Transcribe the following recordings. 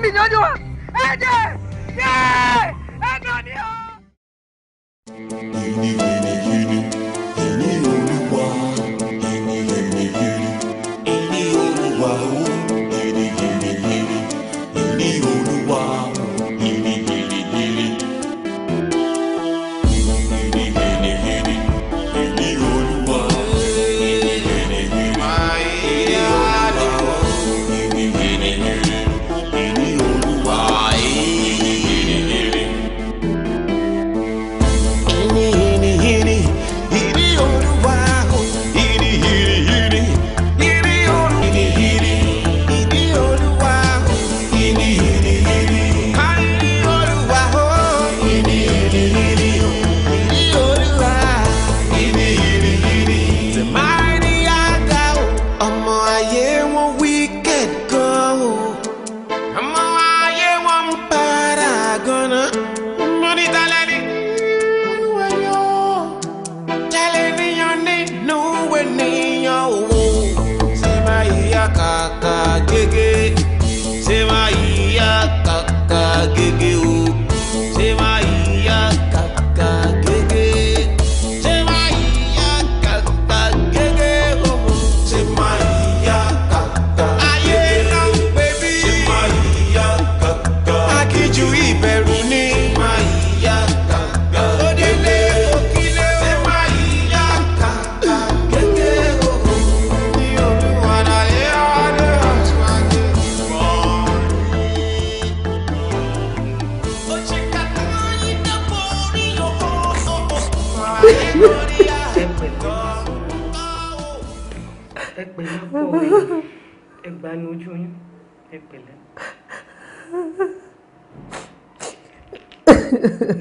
mílíọ̀nù wa.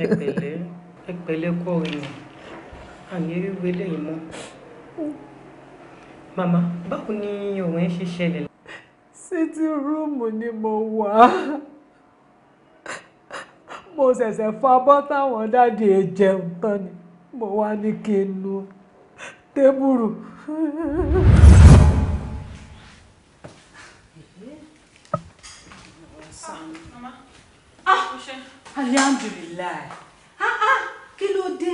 ẹpẹ̀lẹ́ ẹpẹ̀lẹ́ kọ èèyàn àmì ewéwé lẹ́yìn mọ́ báwo ni ọ̀rọ̀ yẹn ṣe ṣẹlẹ̀. sítí rúùmù ni mo wà mo ṣẹ̀ṣẹ̀ fa bọ́ táwọn dáàdi ẹ jẹun tán ni mo wá ní kí n nu tébùrù. Ah, mama alihamdulilayi ah ah kí ló dé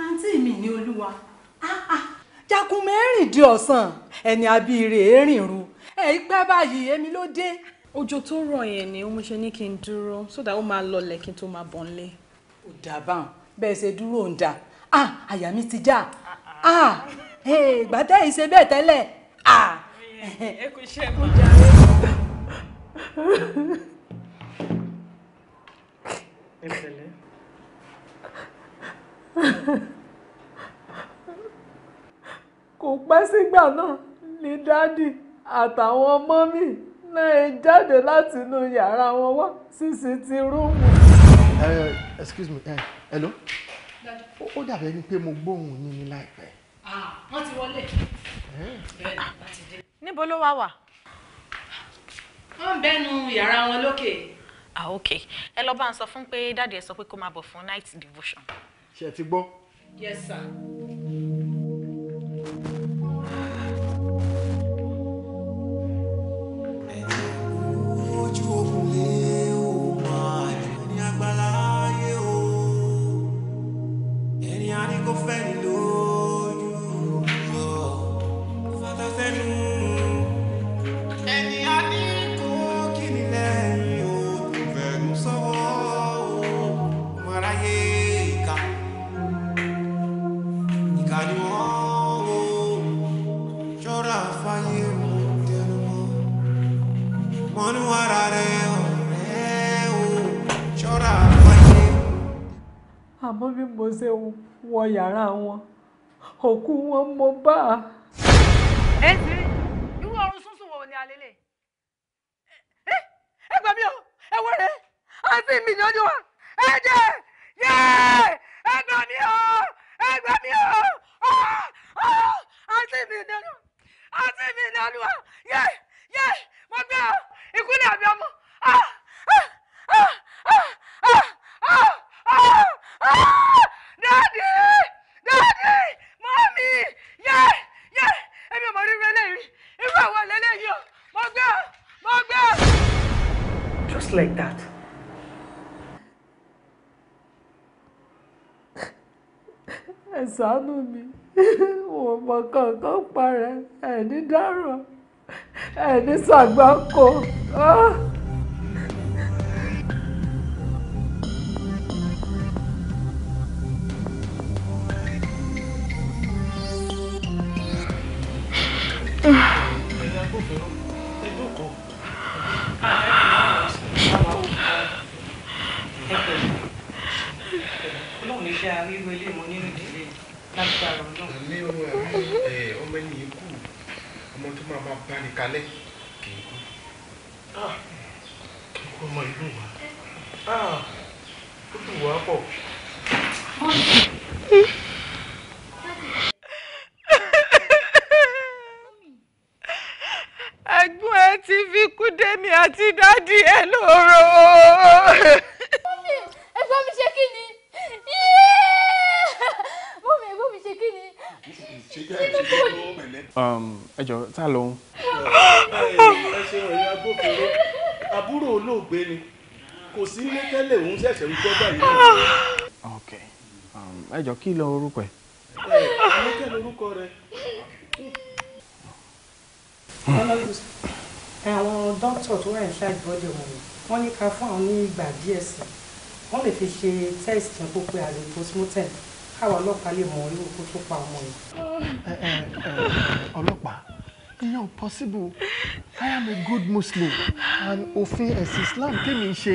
àǹtí mi ní olúwa ah ah. jakun mẹ́rin di ọ̀sán ẹni abíire erin ru ẹ̀yìn pẹ́ báyìí èmi ló dé. òjò tó rọ̀ yẹn ni ó mú ṣe ní kí n dúró sódà ó máa lọlẹ̀ kí tó máa bọ̀ nílé. ò dábàá bẹ́ẹ̀ ṣe dúró ń dà ah àyà mi ti já ah eh, gbàtẹ́ ìṣe bẹ́ẹ̀ tẹ́lẹ̀ ah. ẹ kò ṣe é mọ́ ẹ kò pẹ́ sígbà náà ni dádì àtàwọn ọmọ mi náà jáde láti inú yàrá wọn wá sísí ti rúùmù. excuse me uh, hello ó dàbí ẹni pé mo gbóhùn yín ní láìpẹ́. wọ́n ti wọlé bẹ́ẹ̀ ni láti dé. níbo ló wá wà. wọ́n ń bẹ́nu yàrá wọn lókè ah ok ẹ lọ bá ń sọ fún pé dáàdi ẹ sọ pé kó máa bọ̀ fún night devotion. ṣé ti gbọ́. yes sir. wọ yàrá wọn òkú wọn mo bá a. irú ọrùn sunsun wo ni àlele ẹ gbà mí o ẹ wẹrẹ àǹtí mi ni ọdún wa ẹ jẹ yẹ ẹ gbà mí o ẹ gbà mí o àǹtí mi ni ọdún àǹtí mi ni ọdún wa yẹ yẹ mo gbé o ìkúlẹ̀ àbí ọmọ. Ah! ṣàánú mi wọn mọ kankan parẹ ẹni dáràn ẹni ṣàgbákò. Ah! kí lọ orúkọ ẹ. àníkẹ́ lorúkọ rẹ. Hmm. àwọn dókítà tó wà ní ṣáàjì bọ́dẹ̀ wọn wọ́n ní ká fún àwọn ní ìgbà díẹ̀ sí wọ́n lè fi ṣe test yẹn kó pe àlè postmortem káwọn ọlọ́pàá lè mọ orí òkú tó pa ọmọ yìí. ọlọ́pàá ìyẹn ò I am a good Muslim and òfin ẹ̀sìn Islam tèmi ń ṣe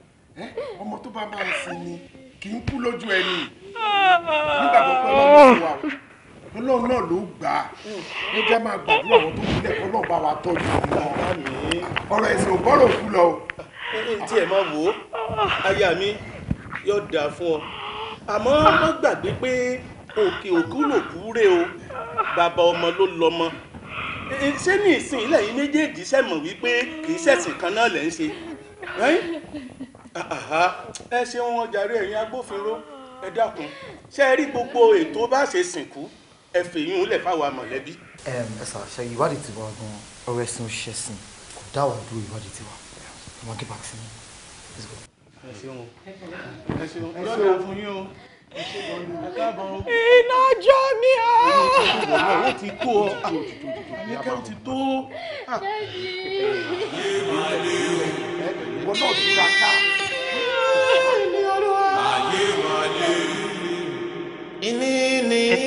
ọmọ tó bá máa sin ni kì í kú lójú ẹni nígbàgbọ́ pé ah. ọlọ́run ti wà ọlọ́run náà ló gbà á ló jẹ́ máa gbàdúrà àwọn tó kúlẹ̀ kọ́ náà bá wa tọ́jú wọn ọ̀rọ̀ ẹ̀sìn ò bọ́rọ̀ òkú lọ. tí ẹ máa wò ó aya mi yóò dáa fún ọ àmọ́ má gbàgbé pé òkè òkú lòkú rè o bàbá ọmọ ló lọmọ ṣé ní ìsìn ilẹ̀ yìí méjèèjì ṣẹ̀mọ̀ wípé kì í ṣẹ̀sìn kan náà lẹ́ ń ṣe ẹ ṣeun ọjàre ẹ̀yin agbófinró ẹ dákun ṣe rí gbogbo ètò bá ṣe sìnkú ẹ fèyún lẹ̀ fáwa mọ̀lẹ́bí. ẹ ẹ sà ṣe ìwádìí tiwa gan ọ̀rọ̀ ẹ̀sìn òṣìṣẹ́ sìn kò dá wà dúró ìwádìí tiwa ẹ wọn kí bá sí i iná jọ mí o. ó ti tó ọ àníkẹ́ ó ti tó. ìwọ náà ti ra. ẹ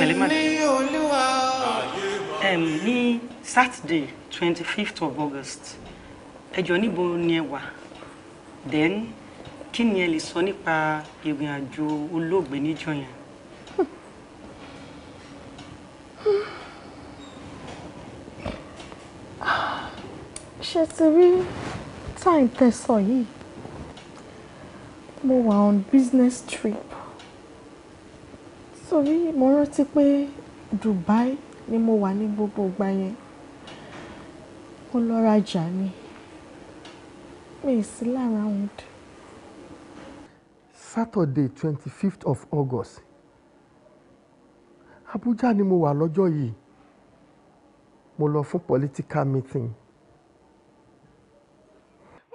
saturday twenty fifth of august ẹjọ́ níbo ni ẹ wà then kí ni ẹ lè sọ nípa ìrìn àjò olóògbé níjọ́ yẹn. ṣe ti rí táì tẹ̀sán yìí mo wà on business trip sórí mo rántí pé Dubai ni mo wà ní gbogbo ìgbà yẹn mo lọ rajà ni mi ì sí lára wọn. Saturday twenty fifth of August Abuja ni mo wà lọ́jọ́ yìí mo lọ fún political meeting.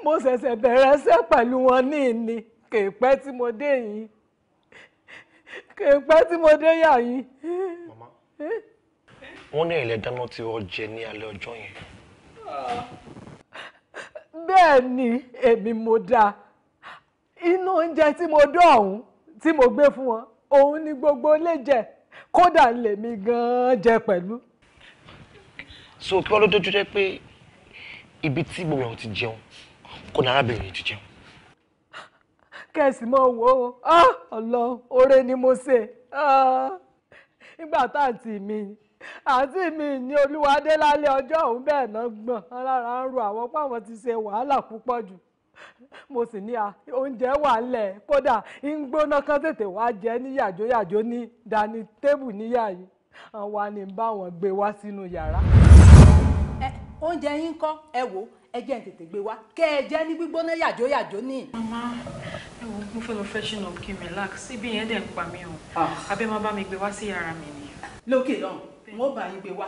mo ṣẹ̀ṣẹ̀ bẹ̀rẹ̀ ṣẹ́ pẹ̀lú wọn ní ìní kèèpẹ́ tí mo dé yìí pẹ́ tí mo dé yà yín. mama wọ́n ní ilẹ̀ dáná tí ó jẹ ní alẹ́ ọjọ́ yẹn. bẹ́ẹ̀ ni èmi mo dáa inú oúnjẹ tí mo dán ọ̀hún tí mo gbé fún wọn òun ni gbogbo lè jẹ kódà lèmi gan-an jẹ pẹ̀lú. so kí wọ́n ló dojú jẹ́ pé ibi tí gbogbo àwọn ti jẹun kò ní arábìnrin yìí ti jẹun kẹ̀sì mọ́ wò ó ah, ọ̀lọ́ oore ni mo ṣe ah, nígbà táǹtì mi àǹtí mi ní olúwadé lálẹ́ ọjọ́ òun bẹ́ẹ̀ náà gbọ̀n alára ń ro àwọn páwọn ti ṣe wàhálà púpọ̀ jù mo sì ní oúnjẹ wà lẹ̀ kódà ń gbóná kan tètè wá jẹ ní yàjóyàjó ní dání tébù níyà yìí àwa ni báwọn gbé wá sínú yàrá. oúnjẹ yín kọ́ ẹ wò ó ẹ jẹ́ ń tètè gbé wá kẹ́ ẹ jẹ́ ní gbígbóná yàjó yàjó ní. mama ẹ wo mo fẹ́ lọ freshen up kí n relax síbi yẹn dẹ̀ ń pa mí o ah. abẹ́ máa bá mi gbé wá sí yàrá mi ni. lókè lọ́hùn wọn bá yín gbé wá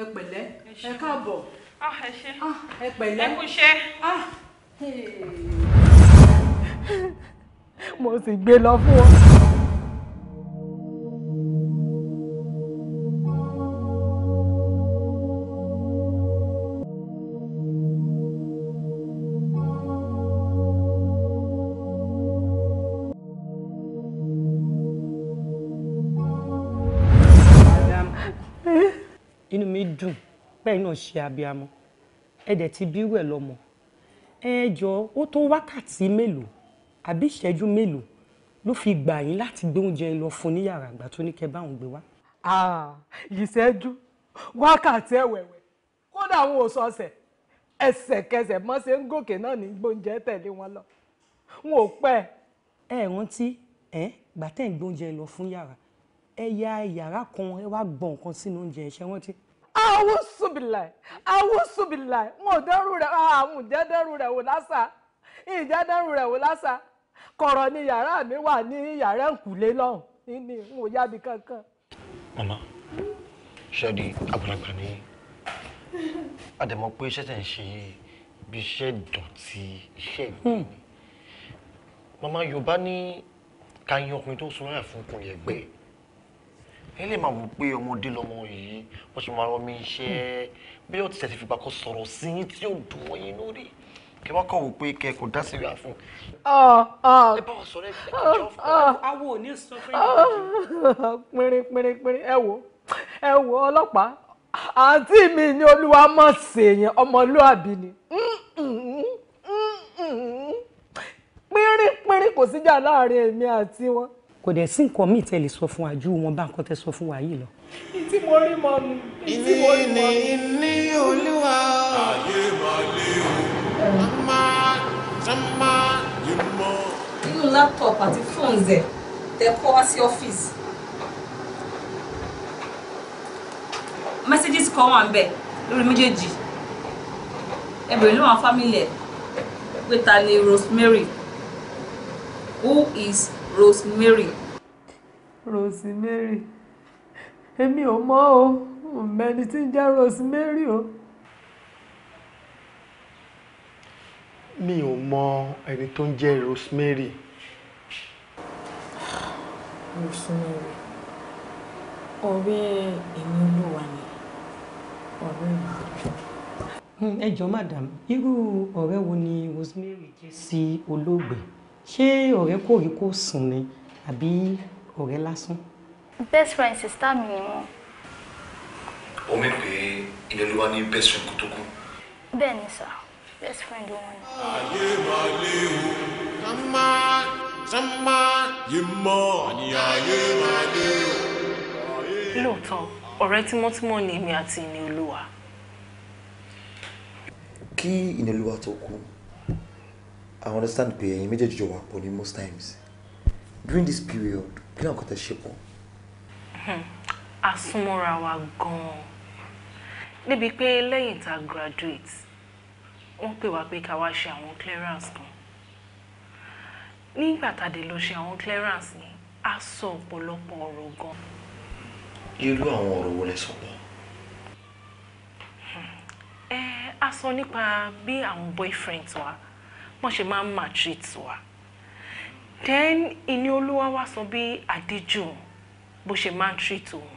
ẹ pẹ̀lẹ́ ẹ káàbọ̀ ah, ah, ẹ pẹ̀lẹ́ ẹ kúṣẹ́. mo sì gbé lọ fún ọ. náà ṣe abiyamọ ẹ dẹ̀ ti bírú ẹ̀ lọ́mọ ẹ jọ ó tó wákàtí mélòó àbí ìṣẹ́jú mélòó ló fi gbà yín láti gbé oúnjẹ lọ fún ní yàrá àgbà tó ní kẹ́ báwọn gbé wá. ìṣẹ́jú wákàtí ẹ̀wẹ̀wẹ̀ kódà àwọn òṣọ̀ọ̀sẹ̀ ẹsẹ̀kẹsẹ̀ mọ́ ṣe ń gòkè náà ní gbóúnjẹ tẹ̀lé wọn lọ wọn ò pẹ́. ẹ rántí ẹ gbàtẹ́ ń gbóúnjẹ lọ fún yàrá ẹ ya yàrá kan ẹ wá gbọ̀n nǹkan sínú oúnjẹ ẹ ṣe rántí àwọn sùbìlà àwọn sùbìlà wọn ò dẹrù rẹ àwọn ìjà dẹrù rẹ wò lásà ìjà dẹrù rẹ wò lásà kọ̀rọ̀ ni yàrá mi wà ní yàrá ìkùlé lọ́hùn nínú n ò yábi kankan. mama ṣáàdì àgbàlagbà ni àdèmọ pé iṣẹ́ tẹ̀ ń ṣe bí iṣẹ́ dọ̀tí iṣẹ́ ìgbìmọ̀ mama yorùbá ní ká yan ọkùnrin tó sunra fún kò yẹ ẹ lè máa wò pé ọmọdé lọmọ yìí wọ́n ṣe máa rọmi iṣẹ́ bí ó ti tẹ̀sí fipá kan sọ̀rọ̀ sí yín tí ó dùn wọ́n yín lórí kí wọ́n kọ̀ wò pé kẹ kò dá sí ra fún un. ẹ bá wọn sọ̀rọ̀ ẹ jẹ́ àjọ fún un. awo ò ní sọ fún yín. pínrín pínrín pínrín ẹ wò ẹ wò ọlọ́pàá àǹtí mi ni olúwa mọ̀ sèèyàn ọmọlúàbí ni pínrín pínrín kò síjà láàrin èmi àti wọn kò dẹ̀ sí nǹkan míì tẹ́ lè sọ fún wa ju wọn bá nǹkan tẹ́ sọ fún wa yìí lọ. ìtí mo rí mọ mi ìtí mo ìní olúwa ayé máa lé o ọmọ ọmọ yìí inú láptọ̀pù àti fóònù ẹ̀ tẹ kọ́ wá sí ọ́fíìsì. mẹ́sẹ́gìsì kan wà ń bẹ̀ lórí méjèèjì ẹ̀bẹ̀ ló wà fámìlì ẹ̀ pé ta ni Rosemary who is Rosemary. Rosemary èmi ò mọ̀ o mẹ́ni tí ń jẹ́ Rosemary o. mi ò mọ̀ ẹni tó ń jẹ́ Rosemary. Rosemary ọ̀rẹ́ èmi olúwa ni ọ̀rẹ́ mi. ẹ jọ̀ọ́ madam irú ọ̀rẹ́ wo ni Rosemary jẹ́ sí olóògbé. Si ṣé ọ̀rẹ́ kò rí kò sùn ni àbí ọ̀rẹ́ lásán. best friend sista mi ni wọn. ó mi pé ilé ló wá best friend kó tó ni sà best friend wọn ni. ayé máa lé o ká má ká má yé mọ́ àní ayé máa lé o. lóòótọ́ ọ̀rẹ́ tímọ́tímọ́ ni èmi àti ìní olúwa. kí ìnẹ̀lúwa tó kú I understand pé ẹ̀yin méjèèjì jọ wà pọ̀ ní most times during this period You náà kọ́ tẹ ṣe pọ̀. Hmm, a súnmọ́ra wa gan-an níbi pé lẹ́yìn tá a graduate wọ́n pè wá pé ká wá clearance kan nígbà tá a dé lọ ṣe clearance yẹn a sọ ọ̀pọ̀lọpọ̀ ọ̀rọ̀ gan. irú àwọn ọ̀rọ̀ wo lẹ sọ pọ̀. Hmm, ẹ a sọ nípa bí boyfriends wa wọ́n ṣe máa ń maltreat wa then ìní olúwa wá sọ bí àdíjù bó ṣe máa ń treat òun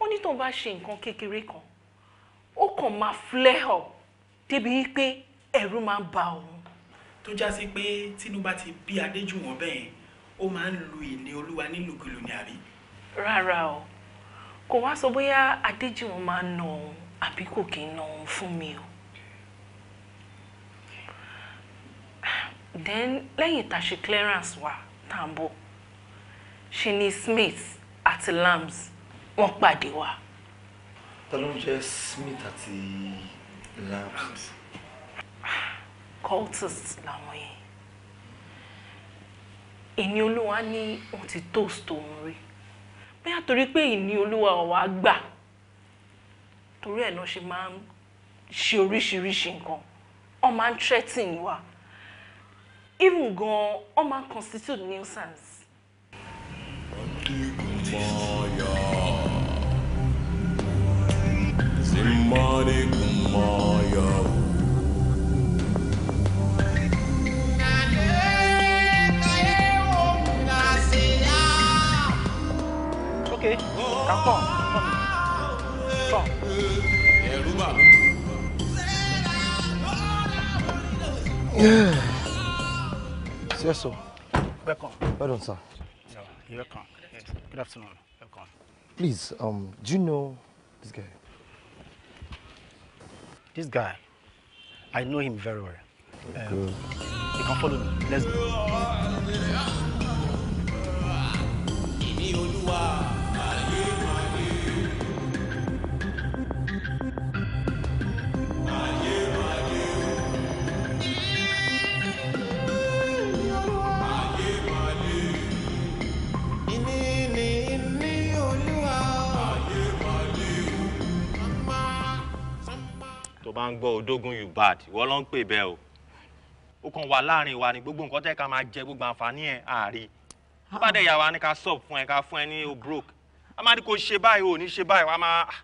ó ní tóun bá ṣe nǹkan kékeré kan ó kàn máa flare up débi pé ẹ̀rù máa ń ba òun. tó já sí pé tínú bá ti bí àdíjù wọn bẹ́ẹ̀ ó máa ń lu ìní olúwa nílùkulù ní àrí. rárá o kò wá sọ bóyá àdíjù wọn máa ń nà òun àbí kò kí ń nà òun fún mi o then lẹ́yìn tá a ṣe clearance wa tambo. à ṣe ni smith àti lambs wọ́n pàdé wa. ta ló ń jẹ́ smith àti lambs. Cultist làwọn yẹn ìní olúwa ní wọ́n ti toast òun rí bóyá torí pé ìní olúwa ọ̀wá gbà torí ẹ̀ náà ṣe máa ń ṣe oríṣiríṣi nǹkan wọ́n máa ń threatening wa even gan ọ máa constitute nuisance. okay. Come on. Come. Come. Yeah. Yes, sir. Welcome. Welcome, sir. you're welcome. Yes. Good afternoon. Welcome. Please, um, do you know this guy? This guy, I know him very well. Um, you can follow me. Let's go. bá ń gbọ́ odógun you bad ìwọ ló ń pè bẹ́ẹ̀ o ó kàn wà láàrin wa ni gbogbo nǹkan tẹ́ ká máa jẹ gbogbo àǹfààní ẹ̀ àárí tó bá dẹ̀ yà wá ní ká sub fún ẹ ká fún ẹ ní o broke a máa ní kò ṣe báyìí o ò ní ṣe báyìí wàá máa ah,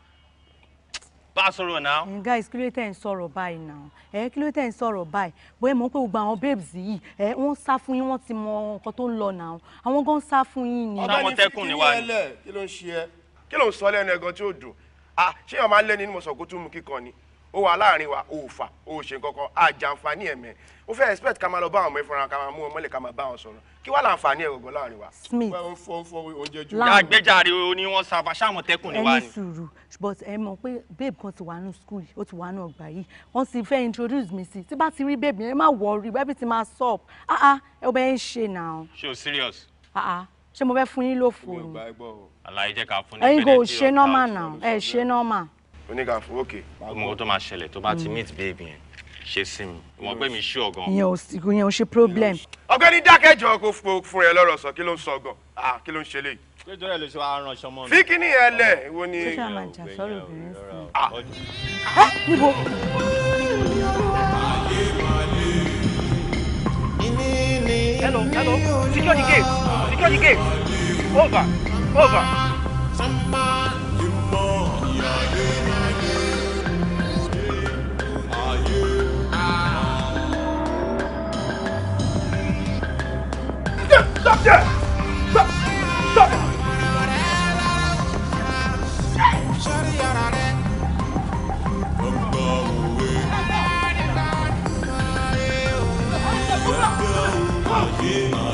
bá a sọ̀rọ̀ náà. ǹ mm, guys kí ló tẹ̀ ń sọ̀rọ̀ báyìí náà ẹ kí ló tẹ̀ ń sọ̀rọ̀ báyìí bóyá mọ̀ pé gbogbo àwọn babes yìí ẹ wọ́n sá fún yín wọ́n ti mọ nǹkan tó ń lọ náà àwọn gan sá fún yín ni. ọ̀gbẹ́ni fi kí ni ẹ lẹ̀ kí ló ń ṣe ẹ kí ló ń sọ lẹ́nu ẹ̀gàn tí ó dùn ah ṣé ọmọ alẹ́ ni mo sọ kó tún mú kíkan ni ó wà láàrin wa ò fà kankan àjàǹfààní ẹ̀mẹ́ ó fẹ́ expect ká máa lọ bá àwọn ọmọ ìfúnra ká máa mú ọmọlẹ̀ ká máa bá wọn sọ̀rọ̀ kí wàá láǹfààní ẹ̀ gbọ̀ngàn láàrin wa. Smith àgbẹ̀járe o ni wọ́n sábà ṣàmọ̀tẹ́kùn ni wá ni. ẹni sùúrù but ẹ mọ̀ pé babe kan ti wà ní school yìí ó ti wà ní ọgbà yìí wọ́n ti fẹ́ introduce mi sí tí bá ti rí babe yẹn má worry everything má stop ah ah ẹ bẹ́ẹ̀ ń ṣe now. ṣé o serious. ah ah ṣé mo fẹ́ fún yín lófo ni. àlàyé jẹ́ ká fún ní benefit of now oníga fún òkè. ọmọ tó máa ṣẹlẹ̀ tó bá ti hmm. meet baby yẹn ṣe sí mi wọn pé mi ṣú ọgàn. ìyẹn ò sí ìyẹn ò ṣe problem. ọ̀gbẹ́ni dákẹ́jọ kó fún ẹ lọ́rọ̀ sọ kí ló ń sọ ọgàn ah kí ló ń ṣe léyìí. péjọ rẹ ló ṣe wàá ránṣọ mọ mi. fíkínì ẹ lẹ wo ni. ṣé ṣáà máa jà sọ́rọ̀ obìnrin sí. Ah. níbo. hello hello secure the gate secure gate over over. Be my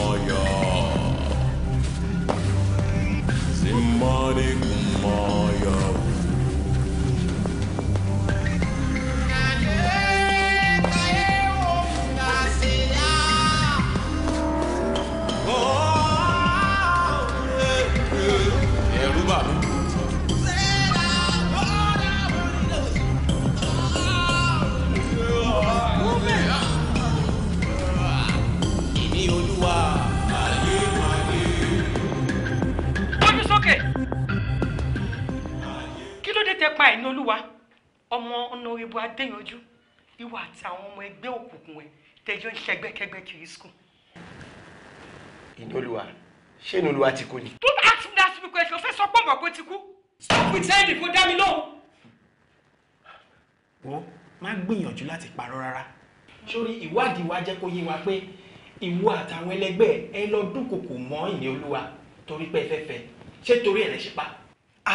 morning, Maya. pa ìnolúwa ọmọ ọ̀nàrẹ́bù adéyanjú ìwà àti àwọn ọmọ ẹgbẹ́ òkùnkùn ẹ̀ tẹjọ́ ń ṣẹgbẹ́kẹgbẹ́ kiri skul. ìnolúwa ṣé ìnolúwa ti kú ni. don't ask me that stupid question o fẹ́ sọ pé ọmọ pé ti kú stop pretending kó dá mi lóhùn. wo má gbìyànjú láti parọ́ rárá sórí ìwádìí wa jẹ́ kó yé wa pé ìwọ àtàwọn ẹlẹgbẹ́ ẹ lọ dúnkòkò mọ́ ìní olúwa torí pé ẹ fẹ́ fẹ́ ṣé torí ẹ̀ lẹ́ ṣe pa.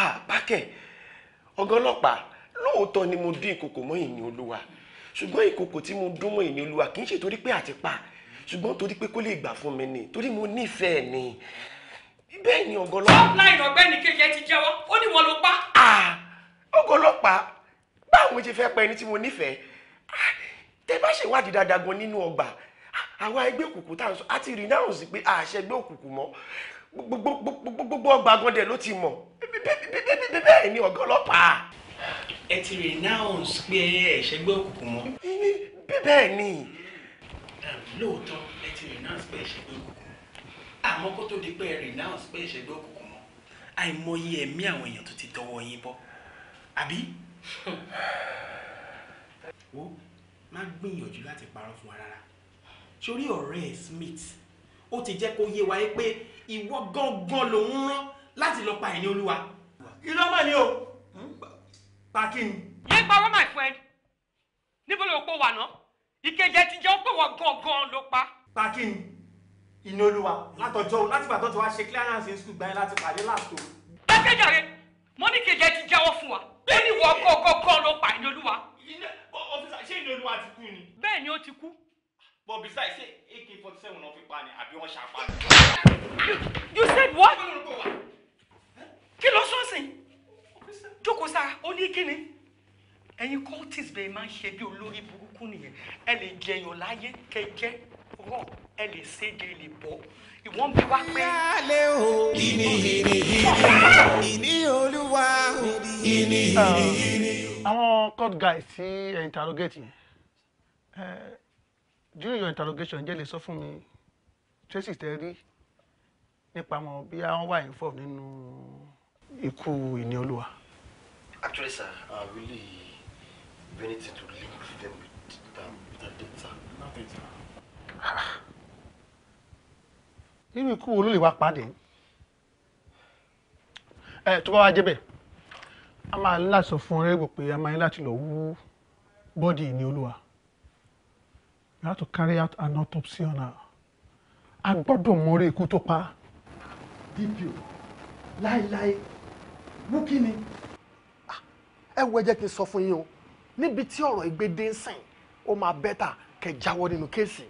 ah bákẹ́ ọ̀gá ọlọ́pàá lóòótọ́ ni mo dún ìkòkò mọ́ ìyìn olúwa ṣùgbọ́n ìkòkò tí mo dún mọ́ ìyìn olúwa kì í ṣe torí pé àti pa ṣùgbọ́n torí pé kó lè gbà fún mi ni torí mo nífẹ̀ẹ́ ni bẹ́ẹ̀ ni ọ̀gá ọlọ́pàá. offline ọ̀gbẹ́ni kejì ẹ ti jẹ́wọ́ ó ní wọn ló pa. ọ̀gá ọlọ́pàá báwo mo ṣe fẹ́ pa ẹni tí mo nífẹ̀ẹ́ tẹ bá ṣèwádìí dáadáa gan nínú ọgbà àwa ẹgbẹ́ òkùnkùn tá à ń sọ àti rìndáhùn sí pé àṣẹ ẹgbẹ́ òkùnkùn mọ́ gbogbo ọgbà gan dẹ̀ ló ti mọ̀ bẹ́ẹ̀ ni ọ̀gá ọlọ́pàá. ẹ ti renounce pé ẹ̀ṣẹ̀ gbé òkùnkùn mọ́. bẹ́ẹ̀ ni. lóòótọ́ ẹ ti renounce pé ẹ̀ṣẹ̀ gbé òkùnkùn mọ́ àmọ́ kó tó di pé ẹ renounce pé ẹ̀ṣẹ̀ gbé òkùnkùn mọ́ àìmọye ẹ̀mí àwọn èèyàn tó ti tọwọ́ yín bọ́ àbí. wo má gbìyànjú láti parọ́ fún wa rárá sórí ọ̀rẹ́ ẹ̀ Smith ó ti jẹ́ kó yé wa yé pé ìwọ gángan lòún rán láti lọ pa ẹ̀yìn olúwa irọ́ mọ̀ ni o pàkí ni. yé parọ́ my friend níbo ló pọ̀ wà náà ìkejì ẹ ti jẹ́ ó pè wọ́n gangan ló pa. pàkí ni iná olúwa látọjọ́ láti gbàtọ́ ti wá ṣe clearance in school gbáyé láti pàdé láàtò. dákẹ́jà rẹ mo ní kejì ẹ ti jẹ́wọ́ fún wa ó ní wọ́n gangan ló pa iná olúwa. ọfíìsà ṣé iná olúwa ti kú ni. bẹ́ẹ̀ ni ó ti kú. but besides ṣé ak forty seven náà fi pa ni àbí wọ́n ṣàpá you said what kí ló sún sí jókòó sára ó ní kíni ẹ̀yin cultist bẹ́ẹ̀ máa ń ṣe bí olórí burúkú nìyẹn ẹ lè jẹyàn láyé kẹjẹ rọ ẹ lè séde lè bọ ìwọ́n bí wá pé. ìyáálé o ìní olúwa ìní ah, ìní ìní. àwọn court guys tí ẹ interrogate yẹn during your interrogation jẹ́ lè sọ fún mi tracy tẹ́ rí nípa àwọn bí wọ́n wà involved nínú. No ikú ìní actually sir i really to link them with them data. sir. irú ikú wo ló lè wá pàdé ẹ tó bá wá a máa ń láti sọ fún ọ̀rẹ́ gbò pé a máa ń láti to carry out an autopsy on her a gbọ́dọ̀ mọ̀ọ́rẹ́ ikú tó pa á. lai. láéláé. mú kí ni ah, ẹ wo ẹ jẹ́ kí n sọ fún yín o níbi tí ọ̀rọ̀ ìgbédè ń sìn ó máa bẹ́tà kẹ́ jáwọ́ nínú kéèsì.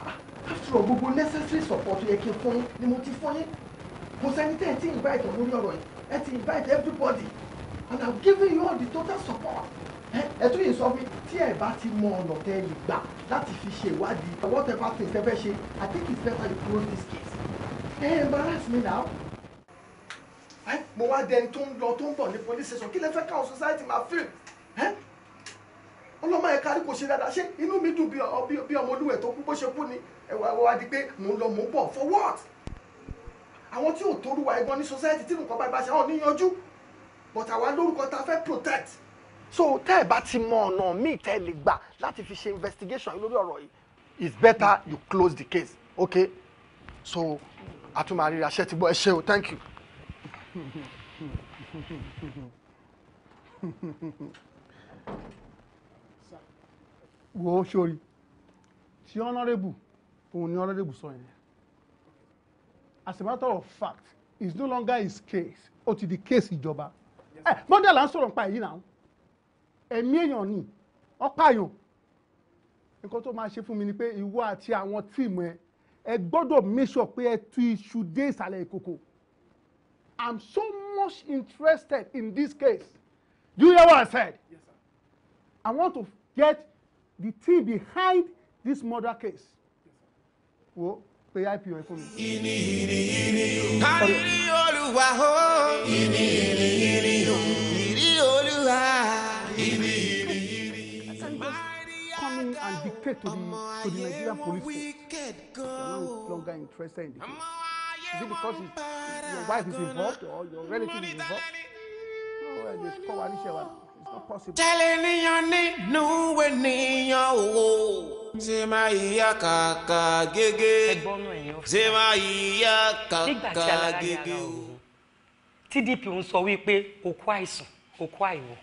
Ah, after all gbogbo necessary support yẹ kí n fún yín ni mo ti fún yín mo sẹ́ni tẹ́ ẹ ti invite lórí ọ̀rọ̀ yìí ẹ ti invite everybody and i'm giving you all the total support ẹ tún yìí sọ pé tí ẹ bá ti mọ ọ̀nà tẹ́ ẹ lè gbà láti fi ṣe ìwádìí whatever things ẹ fẹ́ ṣe i think it's better you close this case ẹ embarrass me now mo wá dẹni tó ń lọ tó ń bọ̀ ní police station kí lẹ fẹ́ káwọn society máa feel ọlọ́mọ yẹn kárí kò ṣe dáadáa ṣé inú mi dùn bí ọmọ olúwẹ̀ tó kú bó ṣe kú ni ẹ̀wà ẹ̀wà di pé mò ń lọ mò ń bọ̀ for what àwọn tí ò torúwa ẹ̀gbọ́n ní society tí nǹkan bá ibà ṣe àwọn níyanjú but àwa lórúkọ ta fẹ́ protect. so tẹ́ ẹ bá ti mọ ọ̀nà míì tẹ́ ẹ lè gbà láti fi ṣe investigation lórí ọ̀rọ̀ yìí it's better you close the case okay so àtúmọ̀ àríra ṣe ti gbọ́ ẹ ṣe o thank you wo sori ti honourable òun ni honourable sọ yẹn as a matter of fact is no longer his case ó ti di case ìjọba ẹ mọ́tẹ́ eh, là ń sọ̀rọ̀ nípa èyí náà ẹ̀mí èèyàn ni ọ̀páyàn nǹkan tó máa ṣe fún mi ni pé ìwọ àti àwọn tíìmù ẹ ẹ gbọ́dọ̀ make pé ẹ tú iṣu dé ìsàlẹ̀ ìkòkò. I'm so much interested in this case. Do you hear what I said? Yes, sir. I want to get the tea behind this murder case. Wo pe IPO fún mi. Ìní ìní o. Àrírí Olúwa o. and dictate to the to the Nigerian police force. They are no longer interested in the case. Is it because it's, your wife is involved or your relative is involved? Oh, no, It's not possible. Tẹ́lẹ̀ níyan nínú ènìyàn o ṣe máa yíyá kàkà gégé ṣe máa yíyá TDP ń sọ wípé òkú àìsàn òkú àìwọ̀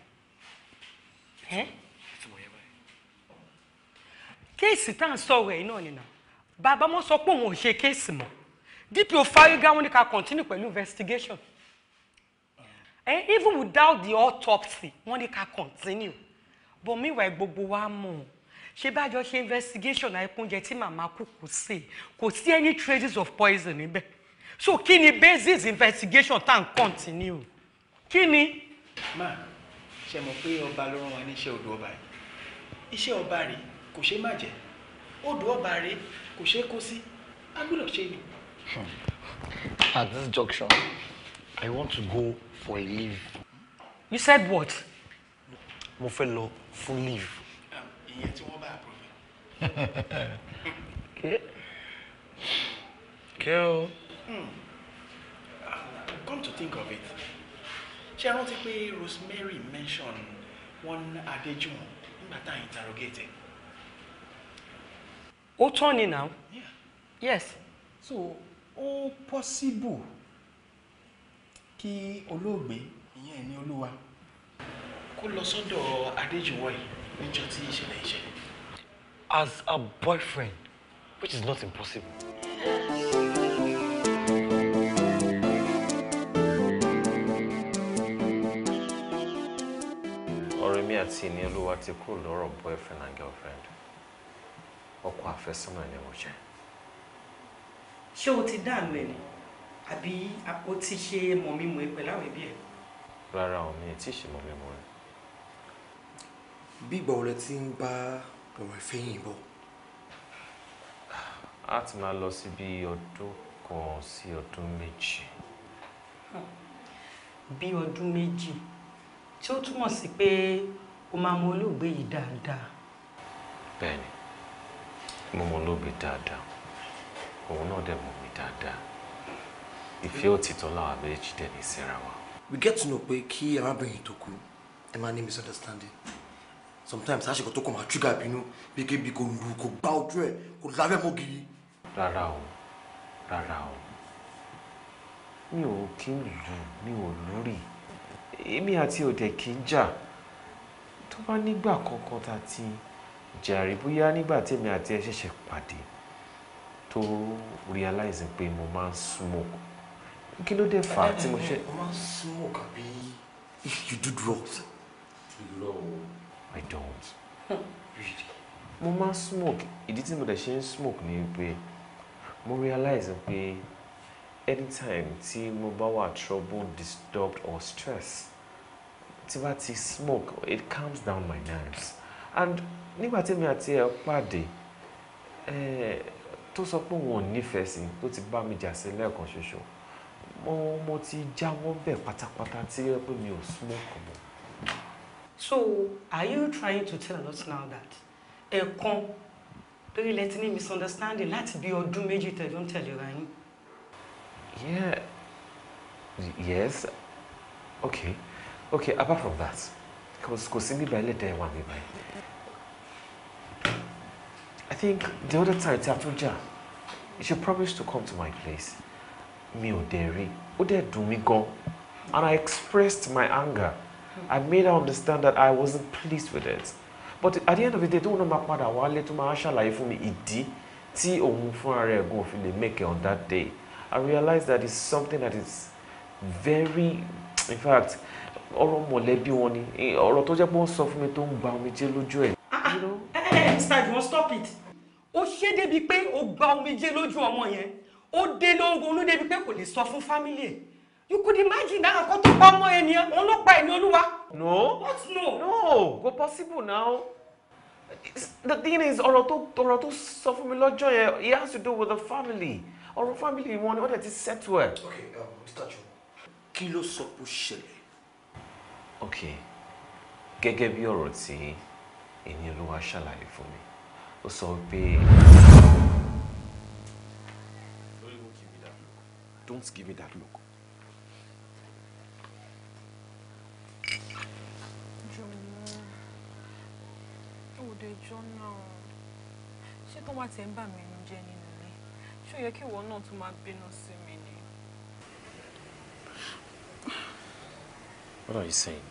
kéèsì tá à ń sọ̀rọ̀ ẹ̀ náà nìyẹn bàbá mo sọ pé òun ò ṣe kéèsì mọ́ DPO Fariga wọ́n ní ká continue pẹ̀lú investigation eh, even without the autopsy wọ́n ní ká continue but meanwhile gbogbo wa mọ̀ ṣe bájọ ṣe investigation àìkúnjẹ tí màmá kú kò sí kò sí any traces of poison níbẹ̀ so kí ni basis investigation tá continue kí ni. Ma, ṣe mọ̀ pé ọba ló rán wa níṣẹ́ odò ọba yìí iṣẹ́ ọba rèé kò ṣeé má jẹ́ odò ọba rèé kò ṣeé kó sí a gbọ́dọ̀ ṣe ni At this junction, I want to go for a leave. You said what? Mo fẹ́ lọ fún leave. Ìyẹn tí wọ́n bá approve. Ké. o. Hmm. Come to think of it, ṣé ẹ rántí pé Rosemary mention one Adéjùmọ̀ nígbà tá à interrogate ẹ̀? Ó tán ni now. Yeah. Yes. So ó pọ́síbù kí olóògbé ìyẹn ẹni olúwa kó lọ sọ́dọ̀ adéjúwọ́ yìí níjọ́ tí ìṣẹ̀lẹ̀ ìṣẹ̀lẹ̀. as a boyfriend which is not impossible. ọ̀rẹ́ mi àti ìní olúwa ti kú lọ́rọ̀ boyfriend and girlfriend ọkọ àfẹ́sọ́nà ni mo jẹ́ ṣé o ti dànù ẹ̀ ni àbí o ti ṣe mọ̀mímọ̀ ẹ pẹ̀lú àwọn ẹbí ẹ. rárá o mi ò tí ì ṣe mọ̀mímọ̀ ẹ. bí ìgbà wo lẹ ti ń bá ọ̀rọ̀ ìfẹ́ yìí bọ̀. a ti máa lọ sí bí ọdún kan sí ọdún méjì. bí ọdún méjì tí ó túmọ̀ sí pé o máa mọ olóògbé yìí dáadáa. bẹ́ẹ̀ni mo mọ olóògbé dáadáa òun náà dẹ̀ mọ̀ mí dáadáa ìfẹ́ òtítọ́ láwọn méjì dẹ̀ ní síra wa. we get to know pé kí arábìnrin tó kú ẹ máa ní misunderstanding sometimes àṣekọ tó kọ máa trigger bínú bí kébi kò lù kò gbá ojú ẹ kò lábẹ́ mọ́ gidi. rárá o rárá o mi ò kí ń lù mi ò lórí èmi àti òde kì í jà tó bá nígbà kankan tá a ti jàre bóyá nígbà tèmi àti ẹ ṣẹ̀ṣẹ̀ pàdé tó realize pé mo máa ń smoke kí ló dé fà á tí mo ṣe. mo máa ń smoke àbí if you do drugs. no i don't. Hmm. really. mo máa ń smoke ìdí tí mo dẹ̀ ṣe ń smoke ni pé mo realize pé anytime tí mo bá wà trouble disturbed or stressed tí bá ti smoke it calms down my nerves and nígbà tí mi àti ẹ pàdé. Eh, tó sọ pé òun ò nífẹ̀ẹ́ sí tó ti bá mi jà sí lẹ́ẹ̀kan ṣoṣo mo mo ti jáwọ́ bẹ̀ pátápátá tí ẹ pé mi ò smoke mọ́. so are you trying to tell us now that ẹ̀ẹ̀kan lórí ilẹ̀ tí ní misunderstanding láti bí ọdún méjì tẹ̀lé ń tẹ̀lé ra yín. yeah yes okay okay apart from that kò sí mi báyìí lè tẹ́ ẹ wà báyìí. I think the other time tí a tún she promised to come to my place mi ò dẹ̀ rí ó dẹ̀ dùn mí gan and I expressed my anger I made her understand that I wasn't pleased with it but at the end of the day tó wọn náà máa padà wálé tó máa ṣàlàyé fún mi ìdí tí òun fúnra rẹ̀ gan òfin lè make it on that day I realized that it's something that is very in fact ọ̀rọ̀ mọ̀lẹ́bí wọn ni ọ̀rọ̀ tó jẹ́ pé wọ́n sọ fún mi tó ń ba omijé lójú ẹ̀. Ah, ah. Mr. Juwon stop it. Ó ṣe débi pé ó gba omijé lójú ọmọ yẹn. Ó dé lóhùn ronú débi pé kò lè sọ fún fámílì ẹ̀. You could imagine that nǹkan tó pa ọmọ ẹ nìyẹn. Òun ló pa ẹ̀mí olúwa. No. What no? No, go possible now. the thing is ọ̀rọ̀ tó ọ̀rọ̀ tó sọ fún mi lọ́jọ́ yẹn it has to do with the family ọ̀rọ̀ family wọn ni wọ́n dẹ̀ ti settle ẹ̀. ok mr um, jo kí ló sọ pé ó ṣẹlẹ̀. ok gẹ́gẹ́ bí ọ̀rọ̀ tí èmi olúwa ṣàlàyé fún mi ó sọ pé. Don't give me that look. òde ìjọ náà ṣé tó wá ti ń bà mí inú jẹ́ nínú ilé ṣé ó yẹ kí ìwọ náà tún máa bínú sí mi ni. What are you saying?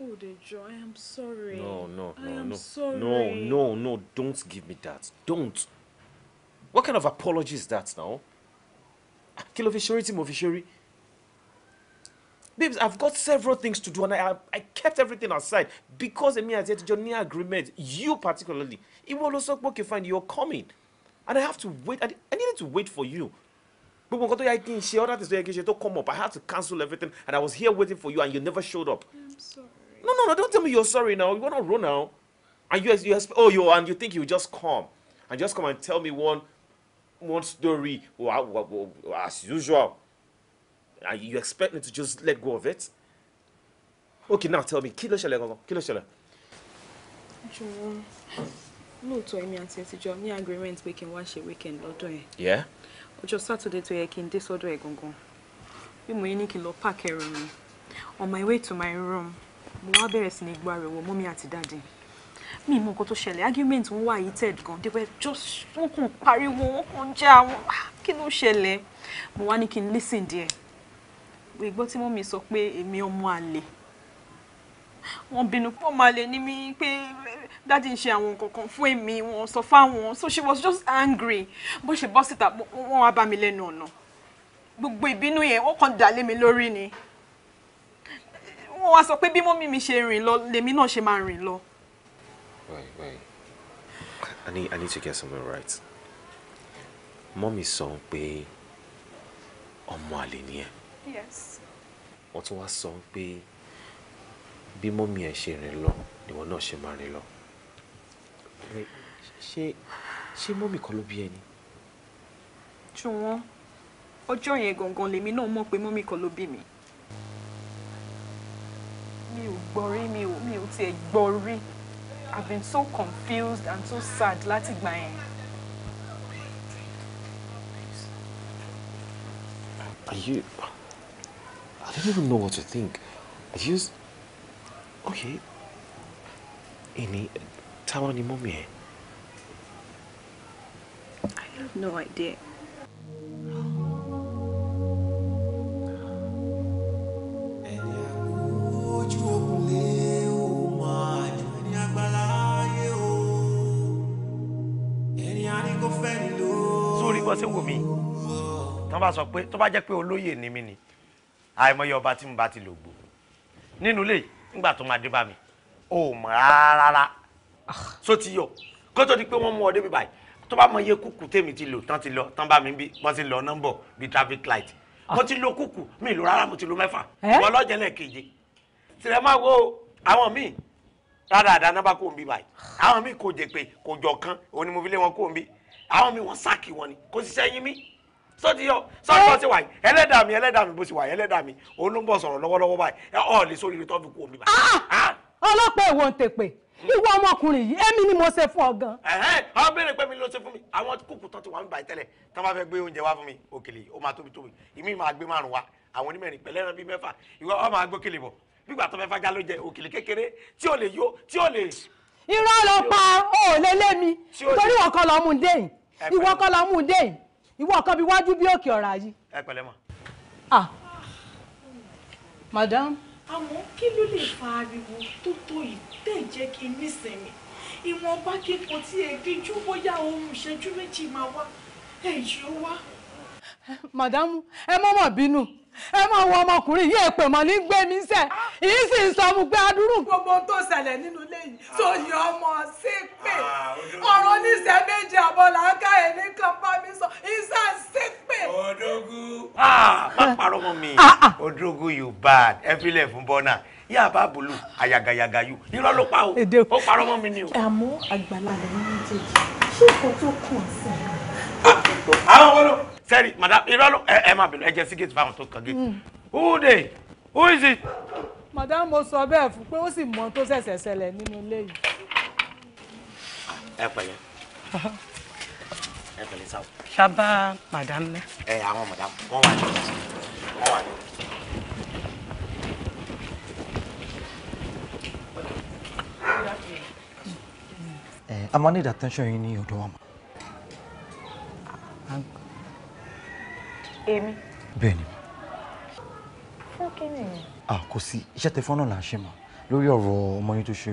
Oh, Dejo, I am sorry. No, no, no, I am no, sorry. no, no, no! Don't give me that. Don't. What kind of apology is that now? Kí ló fi ṣorí tí mo Babes, I've got several things to do and I, I, kept everything aside because Emi àti Etijo ní agreement, you particularly. Ìwọ ló sọ pé okay fine, you're coming and I have to wait, I, I needed to wait for you. Gbogbo nǹkan tó yẹ kí n ṣe, to things tó yẹ kí come up, I had to cancel everything and I was here waiting for you and you never showed up. I'm sorry. No, no, no, don't tell me you're sorry now. You wanna run now. And you, you oh, you and you think you just come and just come and tell me one one story as usual. And you expect me to just let go of it? Okay, now tell me, kí ló ṣẹlẹ̀ gangan, no ló me and say èmi àti ẹ̀ ti jọ ní agreement pé kí n wá ṣe weekend lọ́dọ̀ ẹ̀. Ọjọ́ Sátidé tó yẹ kí n dé sọ́dọ̀ ẹ̀ gangan. Bí mo yẹ ní kí n lọ pààkì on my way to my room mo wá bẹ̀rẹ̀ sí ní gbọ́ ariwo mọ́mí àti dáàdì mi mọ nǹkan tó ṣẹlẹ̀ argument wọn wà heated gan they were just wọn kàn pariwo wọn kàn já wọn ah, kí ló ṣẹlẹ̀ mo wá ní kí n listen díẹ̀ wò gbọ́ tí mọ́mí sọ pé èmi ọmọ àlè wọn bínú pé ọmọ àlè ni mí pé dáàdì ń ṣe àwọn nǹkan kan fún èmi wọn sọ fáwọn so she was just angry bó ṣe bọ́ síta wọn wá bá mi lẹ́nu ọ̀nà gbogbo ìbínú yẹn wọn kàn dà lé mi lórí ni wọ́n wá sọ pé bí mọ́mí mi ṣe rìn lọ lèmi náà ṣe máa rìn lọ. wait wait i need i need to get something right Mommy sọ pé ọmọ àlè ni ẹ. yes. wọ́n tún wá bi mommy bí mọ́mí ẹ lo, rìn lọ ìwọ náà ṣe máa rìn lọ. ṣé mommy mọ́mí kan ló bí ẹni. jù wọ́n ọjọ́ yẹn gangan lèmi náà mọ̀ pé mọ́mí kan ló bí mi mi ò gbọ́ rí mi ò mi ò tiẹ̀ gbọ́ rí I've been so confused and so sad láti gbà yẹn. Are you? I don't even know what to think. I just. Okay. Any. Tawani mommy. I have no idea. tán bá sọ pé tó bá jẹ́ pé olóyè ni mí ni àìmọye ọba tí mo bá ti lò gbò nínú ilé nígbà tó máa dé bá mi ò mọ̀ rárá só ti yọ kó tó di pé wọ́n mú ọ débi báyìí tó bá mọ iye kúkú tèmi ti lò tán ti lọ tán bá mi bí wọ́n ti lọ nọ́mbọ̀ bíi traffic light mo ti lo kúkú mi lo rárá mo ti lo mẹ́fà wọ́n lọ́jẹ̀ lẹ́ẹ̀keje tìrẹ máa wo àwọn míì rádàdà náà bá kó ń bí báyìí àwọn míì kò jẹ pé kò jọ kan onímọ̀fílẹ̀ wọn kó ń bí àwọn míì wọ́n sáàkì wọn ni kò sì sẹ́yìn míì sọ́ọ̀tì yọ sọ́ọ̀tì yọ ti wà yìí ẹlẹ́dàá mi ẹlẹ́dàá mi bó ti wà yìí ẹlẹ́dàá mi òun ló ń bọ̀ sọ̀rọ̀ lọ́wọ́lọ́wọ́ báyìí ọ̀ lè sórí tó fi kú omi báyìí. Ah, ah, ah. ọlọ́pàá èwo ń tèpè ìwọ ọmọkùnrin yìí èmi ni mo ṣe fún ọ gan. ọ béèrè pé mi ló ṣe fún mi àwọn kúkú tán ti wà mí báyìí tẹ́lẹ̀ tí wọ́n bá fẹ́ gbé oúnjẹ wá fún mi òkèlè ó máa tóbi tóbi ìmí máa gbé márùn wá àwọn onímẹ̀rin pẹ̀lẹ́ ràn bíi mẹ́fà ìwọ ọ máa gbókèlè bọ̀ gbígbà tó fẹ́ fagá ló jẹ òkèlè kékeré tí ò lè yó tí ò lè. irọ́ ló pa òòlé mi torí ìwọ kọ́ lọ́ọ́ dé yìí kọ́ lọ́ọ́ dé ìwọ kan bí wájú bí òkè ọ̀rá yìí. ẹ pẹ̀lẹ́ mọ̀. ah madam. àmọ́ kí ló lè fa ariwo tó tó yìí tẹ̀ jẹ́ kí n nísinmi ìwọ̀nba kíkọ tí èdè jú bóyá ohun ìṣẹ́jú méjì máa wá ẹ̀yìn ó wá. madam ẹ mọ̀ mọ̀ bínú ẹ máa wọ ọmọkùnrin yìí èpè mọ ní gbé sẹ èyí sì ń sọ mu pé adúrú. gbogbo tó ṣẹlẹ̀ nínú ilé yìí ah. tó yẹ ọmọ sí pé ah, ọ̀rọ̀ oníṣẹ́ méjì àbọ̀ làákà ẹ̀ nìkan bá sọ ìṣá sí pé. odógú ah, má parọ́ mọ́ mi odógú you bad ẹ filẹ̀ fún bọ́nà yá bá bùlù àyàgàyàgà yù irọ́ ló pa o ó parọ́ mọ́ mi ni o. àmọ́ àgbàlagbà ní méjèèjì ṣé ìkọ́ tó kù sí i. àwọn sẹ́rí madam irọ́ ló ẹ ẹ má bẹ̀rù ẹ jẹ́ sí gate fáwọn tó kàn gate who dey who is it. madam mo sọ bẹ́ẹ̀ fún pé ó sì mọ tó ṣẹ̀ṣẹ̀ ṣẹlẹ̀ nínú ilé yìí. ẹ pẹ̀lẹ́ ẹ pẹ̀lẹ́ sáwọ. sábà madam mẹ. ẹ àwọn madam wọn wà ní ọsẹ wọn wà ní. ẹ a máa ní ìdàtẹ́sán yín ní ọ̀dọ̀ wa mọ́ èmi. bẹ́ẹ̀ni. fún kí ni. a ah, kò sí iṣẹ́ tẹ fọ́nà là ń ṣe mà lórí ọ̀rọ̀ ọmọ yín tó ṣe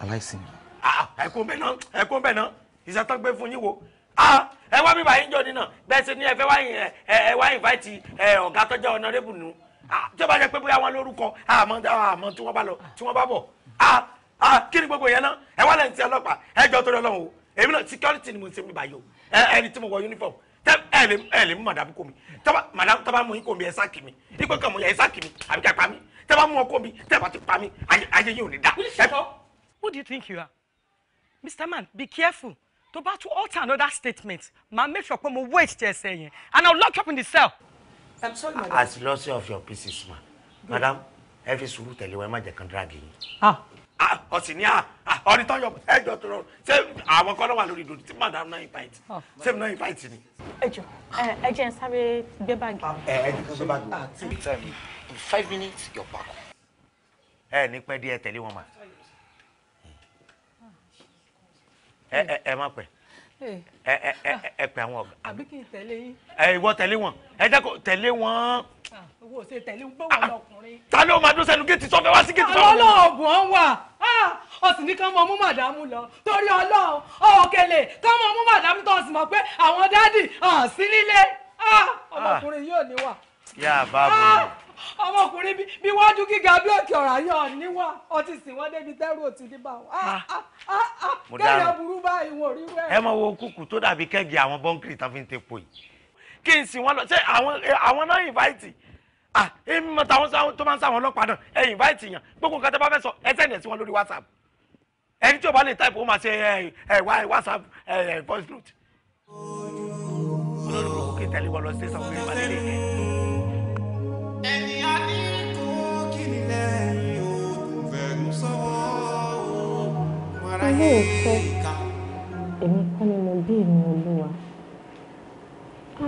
aláìsàn. Ah, ẹ̀kún bẹ́ẹ̀ náà ẹ̀kún bẹ́ẹ̀ náà iṣẹ́ tán gbé fún yín wo ah, ẹ wá mi bàyí ń jọ nínà bẹ́ẹ̀ ṣe ni ẹ fẹ́ wá ìnváìtì ọ̀gá tọ́jà ọ̀nàrẹ́bù nù tí ó bá jẹ́ pé bóyá wọn lórúkọ àmọ́ àmọ́ tí wọ́n bá lọ tí wọ́n bá bọ̀ kí ni gbogbo yẹn náà ẹ wá lẹ́yìn tí ọlọ́pàá ẹ jọ torí Ọlọ́run o èmi náà security ni mo ń ṣe mi báyìí o ẹni tí mo wọ uniform ẹ lè ẹ kò mi tọ́ba tọ́ba mú yín mi ẹ sáàkì mi ipò kan mo yẹ àbí ká pa mi tọ́ba mú ọkọ mi tẹ́ẹ̀bà ti pa mi ayé yín ní dá. Who do you think you are? Mr. Man, be careful tó bá tún alter another statement ma make sure pé mo wait till ẹsẹ yẹn and I will lock you up in the cell. I'm sorry, madam. as loss of your pieces ma madam Every fi sùúrù tẹ̀lé wa ẹ má jẹ́ kan drag yín. Ah. Ah, ọ̀sìn ní ah, ah, ọ̀rí tán yọ ẹjọ́ tó rọrùn ṣé àwọn kọ́ ló wà lórí ìdòdò tí madam náà invite ṣé mi náà invite ni. ẹjọ ẹjẹ ń sáré gbé báàgì. ẹ ẹ ní kó gbé báàgì. in five minutes you're back. ẹ ní pẹ́ díẹ̀ tẹ̀lé wọn mà ẹ ẹ má pẹ́ ẹ ẹ ẹ pè àwọn ọ̀gá. àbí kí n tẹ̀lé yín. ẹ ìwọ tẹ̀lé wọn ẹ dákọ̀ tẹ̀lé wọn. Ah, owó ṣe tẹ̀lé ń gbọ́wọ́ ah, ah. lọkùnrin. ta ló máa dún sẹ́nu géètì sọ́fẹ́ wá sí géètì sọ́fẹ́. ọlọ́ọ̀gùn ọ̀hún wà ọ̀sìn ní kán mọ mú màdámù lọ torí ọlọ́run ọ̀ọ́kẹ́lẹ̀ kán mọ mú màdámù tó sì mọ̀ pé àwọn dádì sí nílé ọmọkùnrin yóò ní wà. yá bá bọ̀ ọmọkùnrin bí wájú gíga bí òkè ọ̀rá yọ níwà ọtí sì wọ́n débi tẹ́rù òtí níbà wọn. Ah, ah. ah, kẹ́yọ̀ burú báyìí wọn ò rí wẹ̀. ẹ mọ wo kúkú tó dàbí kẹ́gì àwọn bọ́ńkìrì tán fi ń tepo yìí kí n sì wọ́n lọ ṣé àwọn eh, náà invite ah èmi mọ̀ táwọn tó máa ń sáwọn ọlọ́pàá náà ẹ invite yàn gbogbo nǹkan tó bá fẹ́ sọ ẹ send ẹ̀ sí wọn lórí whatsapp ẹni tí o bá lè type ó máa ṣe ẹ ẹ whatsapp ẹ voice note. olórí burúkú kì í tẹ́lẹ̀ wọ́n lọ sí sọ́kùnrin ìbálẹ̀ lẹ́yìn. lóòótọ́ èmi kọ́ ni mo bí èmi olúwa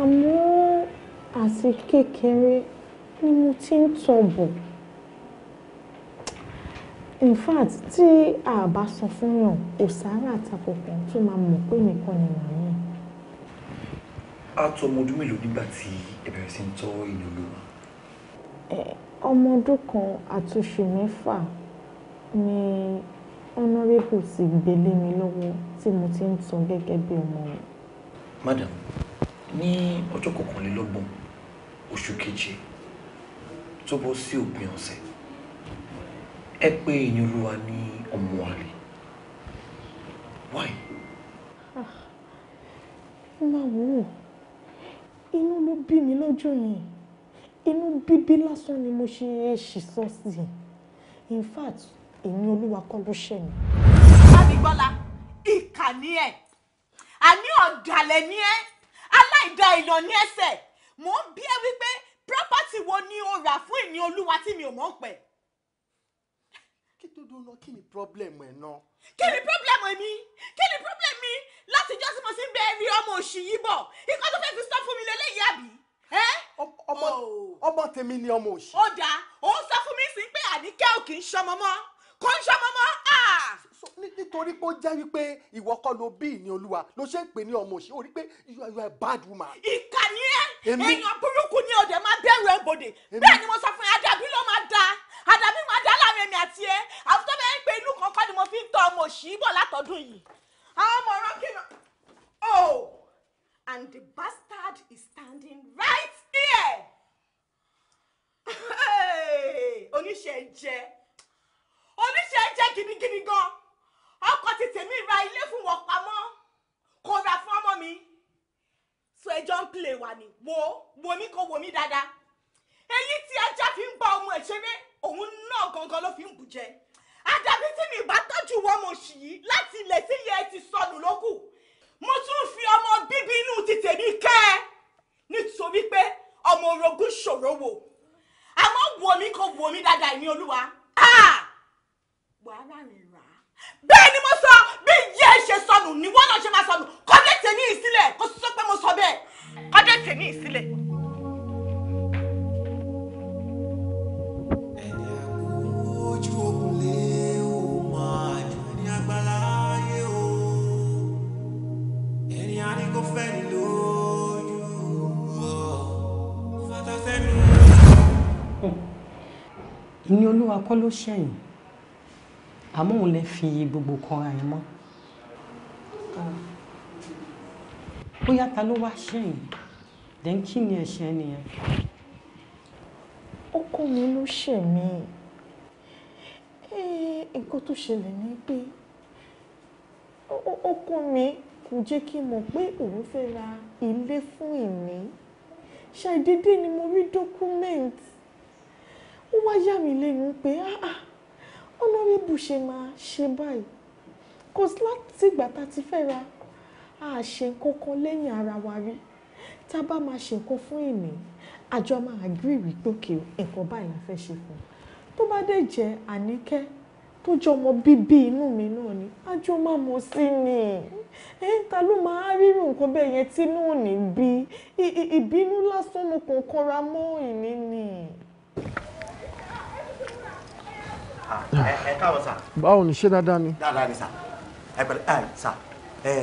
àmọ́ àti kékeré ni mo ti ń tàn bọ̀ in fact tí a bá sọ fún yàn kò sára àtakò kan tó máa mọ̀ pé nìkan ni màmí. a tó ọmọ ọdún mélòó nígbà tí ẹ bẹ̀rẹ̀ sí ń tọ́ ìlú olúwa. ọmọ ọdún kan àtúnṣe mẹ́fà ni honorable ti gbélé mi lọ́wọ́ tí mo ti ń tan gẹ́gẹ́ bí ọmọ rẹ̀. madam ní ọjọ́ kọkànlélọ́gbọ̀n oṣù keje tó bọ́ sí òpin ọ̀sẹ̀ ẹ pé ìyẹn olúwa ní ọmọ àlè why. Ah, máa wò ó inú ló bí mi lọ́jọ́ yẹn inú bíbí lásán ni mo ṣe ṣì sọ sí in fact èmi olúwa kọ́ ló ṣẹ̀ mí. Abímbọ́lá ìkà ni ẹ àní ọ̀dàlẹ̀ ni ẹ aláìda èèyàn ní ẹsẹ̀ mò ń bi ẹ́ wípé property wo ni o rà fún ìní olúwa tí mi ò mọ̀ pẹ̀. kí tó dún lọ kí ni problem ẹ náà. kí ni problem mi kí ni problem mi láti jọ́ sí mo ti ń bẹ ẹ̀rí ọmọ òṣì yìí bọ̀ ikọ́ tó fẹ́ fi sọ fún mi lélẹ́yìí àbí oh. ọmọ tèmi ni ọmọ òṣì. ó dáa òun sọ fún mi sí pé àníkẹ́ ò kì í kò ń ṣọmọ mọ́ nítorí pé ó jẹ́ wípé ìwọ kọ́ ló bí ìní olúwa ló ṣe ń pè ní ọmọ òṣì ó rí you are a bad woman. ìkà ni ẹ èèyàn burúkú ni ọdẹ máa bẹ̀rù ẹ bòde bẹ́ẹ̀ ni mo sọ fún ẹ àdàbí ló máa da àdàbí máa da láàrin èmi àti ẹ àwọn bẹ́ẹ̀ ń pe ìlú ni mo fi ń tọ ọmọ òṣì bọ̀ látọdún yìí àwọn ọmọ ọ̀rọ̀ kìnnà oh and the bastard is standing right here oníṣẹ́ jẹ́ omi ṣe ń jẹ́ gidigidi gan ọkọ ti tèmi ra ilé fún wọn pamọ́ kò ra fún ọmọ mi so ẹjọ́ ń pilẹ̀ wà ní wo wo mi kò wo mi dáadáa èyí tí ajá fi ń gba ọmọ ìṣeré òun náà gangan ló fi ń bùjẹ àdàbí tí mi bá tọ́jú wọn mo ṣì yí láti ilẹ̀ sí iye ti sọnù lókù mo tún fi ọmọ bíbí inú ti tèmi kẹ́ ẹ nítorí pé ọmọ orogún ṣòro wò àmọ́ wò mí kò wò mí dáadáa ìní olúwa gbà ara rẹ̀ rà bẹ́ẹ̀ ni mo sọ bí ìyá ẹ ṣe sọnù ni wọ́n náà ṣe máa sọnù kọ́dé tèmi ìsílẹ̀ kó sọ pé mo sọ bẹ́ẹ̀ kọ́dé tèmi ìsílẹ̀. ni olúwa kọ́ ló ṣẹ̀yìn àmọ́ òun lè fi gbogbo kan àyàn mọ́. bóyá ta ló wá ṣẹ̀yìn dẹ̀ ń kí ni ẹ̀ṣẹ̀ nìyẹn. ọkọ mi ló ṣẹ̀ mí nǹkan tó ṣẹlẹ̀ ni pé ọkọ mi kò jẹ́ kí n mọ̀ pé òun fẹ́ ra ilé fún ìní ṣàìdédé ni mo rí dọ́kúmẹ́ǹtì ó wá yà mí lẹ́nu pé áá honorable ṣe máa ṣe báyìí kò sí láti ìgbà tá a ti fẹ́ ra a ṣe nǹkan kan lẹ́yìn ara wa rí tá a bá máa ṣe nǹkan fún ìní àjọ máa agree wípé òkè nǹkan báyìí la fẹ́ ṣe fún un tó bá dé jẹ́ àníkẹ́ tó jọ ọmọ bíbí inú mi náà ni àjọ máa mọ̀ sí ni ta ló máa rírun nǹkan bẹ́ẹ̀ yẹn tí inú ò ní bí ìbínú lásán mo kàn kanra mọ́ ìní ni. ni. ẹ káàbọ̀ sà. báwo ni ṣé dáadáa ni. dáadáa ni sà ẹ pẹ̀lẹ́ ẹ sà ẹ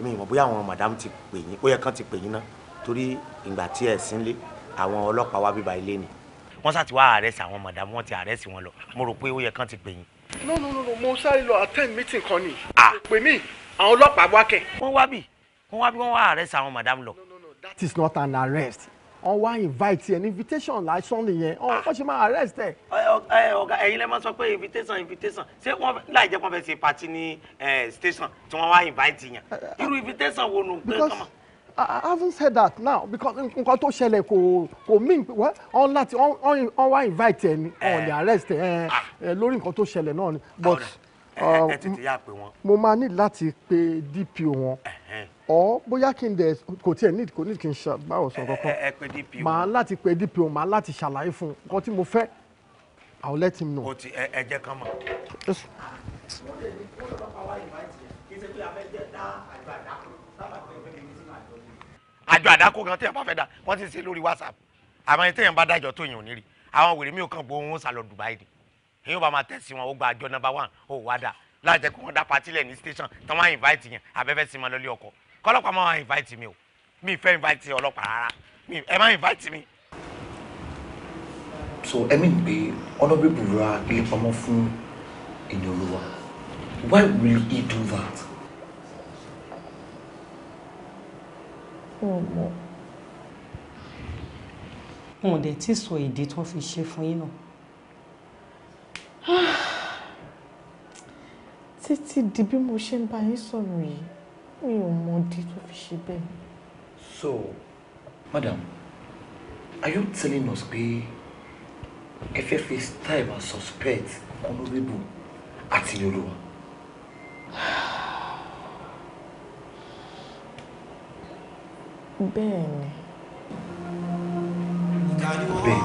mi ìmọ̀ bóyá àwọn madam ti pè yín ó yẹ kán ti pè yín ná torí ìgbà tí ẹ sínlé àwọn ọlọ́pàá wá bíba ilé ni. wọ́n sá ti wá àrẹ́sì àwọn madam wọ́n ti àrẹ́sì wọn lọ mo rò pé ó yẹ kán ti pè yín. no no no mo sáré lọ attend meeting kan ni. Ah. pè mí àwọn ọlọ́pàá wá kẹ. wọ́n wá bì wọ́n wá bí wọ́n wá àrẹ́sì àwọn madam lọ. that is not an arrest wọn wá invite yẹn invitation lásán nìyẹn wọn ah. ṣe máa arrest ẹ. ọ̀gá ẹ̀yin lẹ́ máa sọ pé invitation invitation ṣé wọ́n láì jẹ́ pọ́n fẹ́ ṣe party ní station tí wọ́n wá invite yẹn eh, eh, irú invitation wo nù pé kọ́mọ. I haven't said that now because nǹkan tó ṣẹlẹ̀ kò kò mean well on láti on on wá invite ẹ ni on the arrest ẹ eh, ah. lórí nǹkan tó ṣẹlẹ̀ náà ni but. Right ẹ tètè yá pé wọn. mo máa ní láti pe DPO wọn ọ bóyá kí n dẹ kò tiẹ̀ ní kò ní kí n báwo sọ kankan màá láti pe DPO màá láti ṣàlàyé fún un nǹkan tí mo fẹ́ I will let him know. o ti ẹ jẹ́ kán mọ̀. àjọ àdákò kan tí ẹ bá fẹ́ dá wọ́n ti ṣe lórí WhatsApp àmọ́ ẹ tẹ́yàn bá dájọ́ tó yàn ò ní rí àwọn wèrè mi ò kàn gbóhùn ó Dubai ni èyí ò bá máa tẹ̀sí wọn ó gba àjọ number one ó wá dà láti jẹ́ kó wọ́n dá patí lẹ̀ ní station tán wá invite yẹn abẹ́fẹ́ sí ma lọ́lé ọkọ̀ kọ́lọ́pàá máa invite mi o mi fẹ́ invite ọlọ́pàá rárá ẹ má invite mi. so ẹ mi gbé honourable ra ilé pamọ́ fún ènìyàn why will he do that. ọmọ wọn ò dẹ̀ tí sọ èdè tó fi ṣe fún yín náà. títí di bí mo ṣe ń bá yín sọ̀rọ̀ yìí mi ò mọ ìdí tó fi ṣe bẹ́ẹ̀. so madam are you telling us pé ẹ fẹ́ fi style and suspect honourable àti yorùbá. bẹ́ẹ̀ ni. bẹ́ẹ̀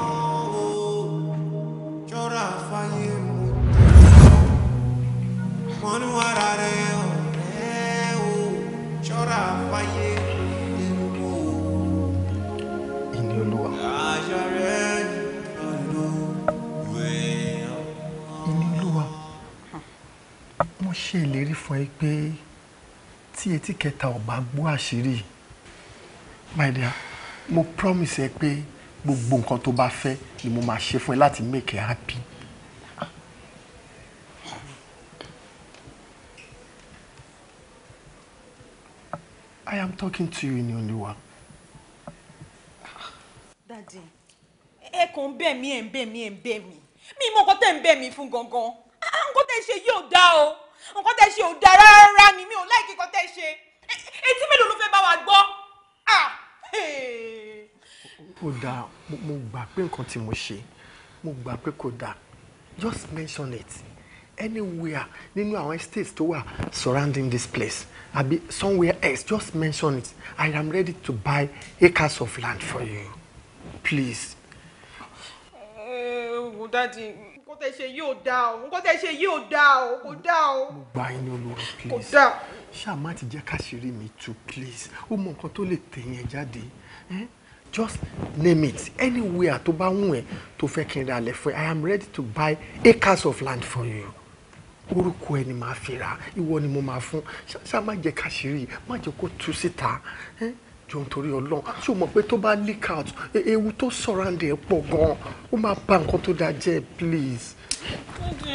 wọ́n ní wàrà rẹ̀ ọ̀rẹ́ o ṣọ́ra fáyé epo. ilé olúwa. àṣà rẹ̀ lọ́nà rẹ̀ ọ̀hún. olúwa mo ṣe ìlérí fún ẹ pé tí etí kẹta ò bá àṣírí my dear mo promise ẹ pé gbogbo nǹkan tó bá fẹ́ ni mo máa ṣe fún ẹ láti make ẹ happy. I am talking to you in Olúwa. Dadi, one. Daddy, ń bẹ̀ mí ẹ̀ ń bẹ̀ mí ẹ̀ ń bẹ̀ mí. Mi mọ nǹkan tẹ̀ ń bẹ̀ mí fún gangan. Ah, nǹkan tẹ̀ ṣe yóò da o. Nǹkan tẹ̀ ṣe ò dá rárá ni mi ò láìkí nǹkan tẹ̀ ṣe. E, etí mélòó ló fẹ́ bá wa ah, hey. Ó dáa, mo gbà pé nǹkan tí mo ṣe, mo gbà pé kò dáa. Just mention it anywhere nínú àwọn estates tó wà surrounding this place àbí somewhere else just mention it i am ready to buy acres of land for you please. Eh, ogun dadi nǹkan tẹ ṣe yóò dá o nǹkan tẹ ṣe yóò dá o kò dá o. mo gba inú olúwa please kò dá. ṣáà má ti jẹ́ káṣírí mi tú please ó mọ nǹkan tó lè tẹ̀yìn ẹ̀ jáde. Eh? just name it anywhere tó bá wù ẹ́ tó fẹ́ kí n ra lẹ̀ fún ẹ i am ready to buy acres of land for you orúkọ ẹ ni màá fi rà ìwọ ni mo máa fún ṣáà má jẹ́ káṣírí má jẹ́ kó tú síta jọ nítorí Ọlọ́run ṣé o mọ̀ pé tó bá leak out e, ewu tó sọ̀ràǹdì ẹ̀ pọ̀ gan-an máa bà nǹkan tó dáa jẹ́ please.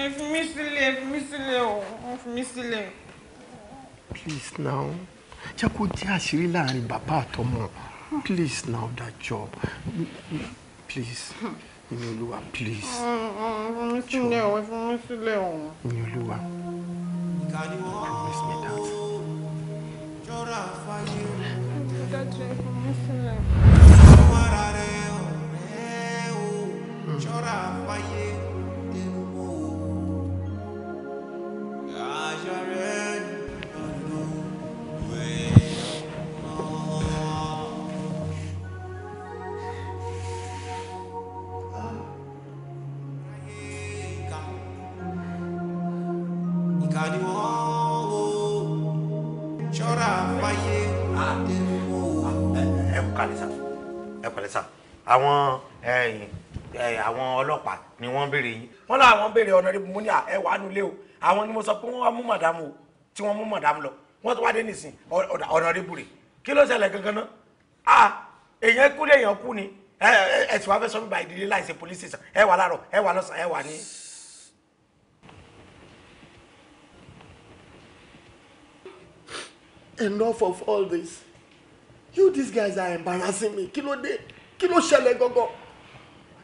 ẹ fi mí sílẹ̀ ẹ fi mí sílẹ̀ o ẹ fi mí sílẹ̀. please now jẹ́ kó jẹ́ àṣírí láàrin bàbá àtọmọ please now dájọ́ please èmi olúwa please. ẹ̀ẹ́dẹ́gbẹ̀rún sílẹ̀ ọ̀hún mi sílẹ̀ fún mi sílẹ̀. o ṣọ́ra fáyé ewu àwọn eh, eh, àwọn ọlọ́pàá ni wọ́n béèrè yín wọ́n lọ béèrè ọ̀nà rẹ̀ mú ní ẹwà nulẹ̀ o àwọn ni mo sọ pé wọ́n wá mú màdàmú o tí wọ́n mú màdàmú lọ wọ́n tó wá dé nìsín ọ̀nà rẹ̀ bùrè kí ló ṣẹlẹ̀ gangan náà ah èèyàn kú lé èèyàn kú ni ẹ̀sùn wa fẹ́ sọ fún báyìí ìdílé láìsí police station ẹ wà láàárọ̀ ẹ wà lọ́sàn ẹ wà ní. enough of all this you these guys are embarrassing me kí ló dé kí ló ṣẹlẹ̀ gangan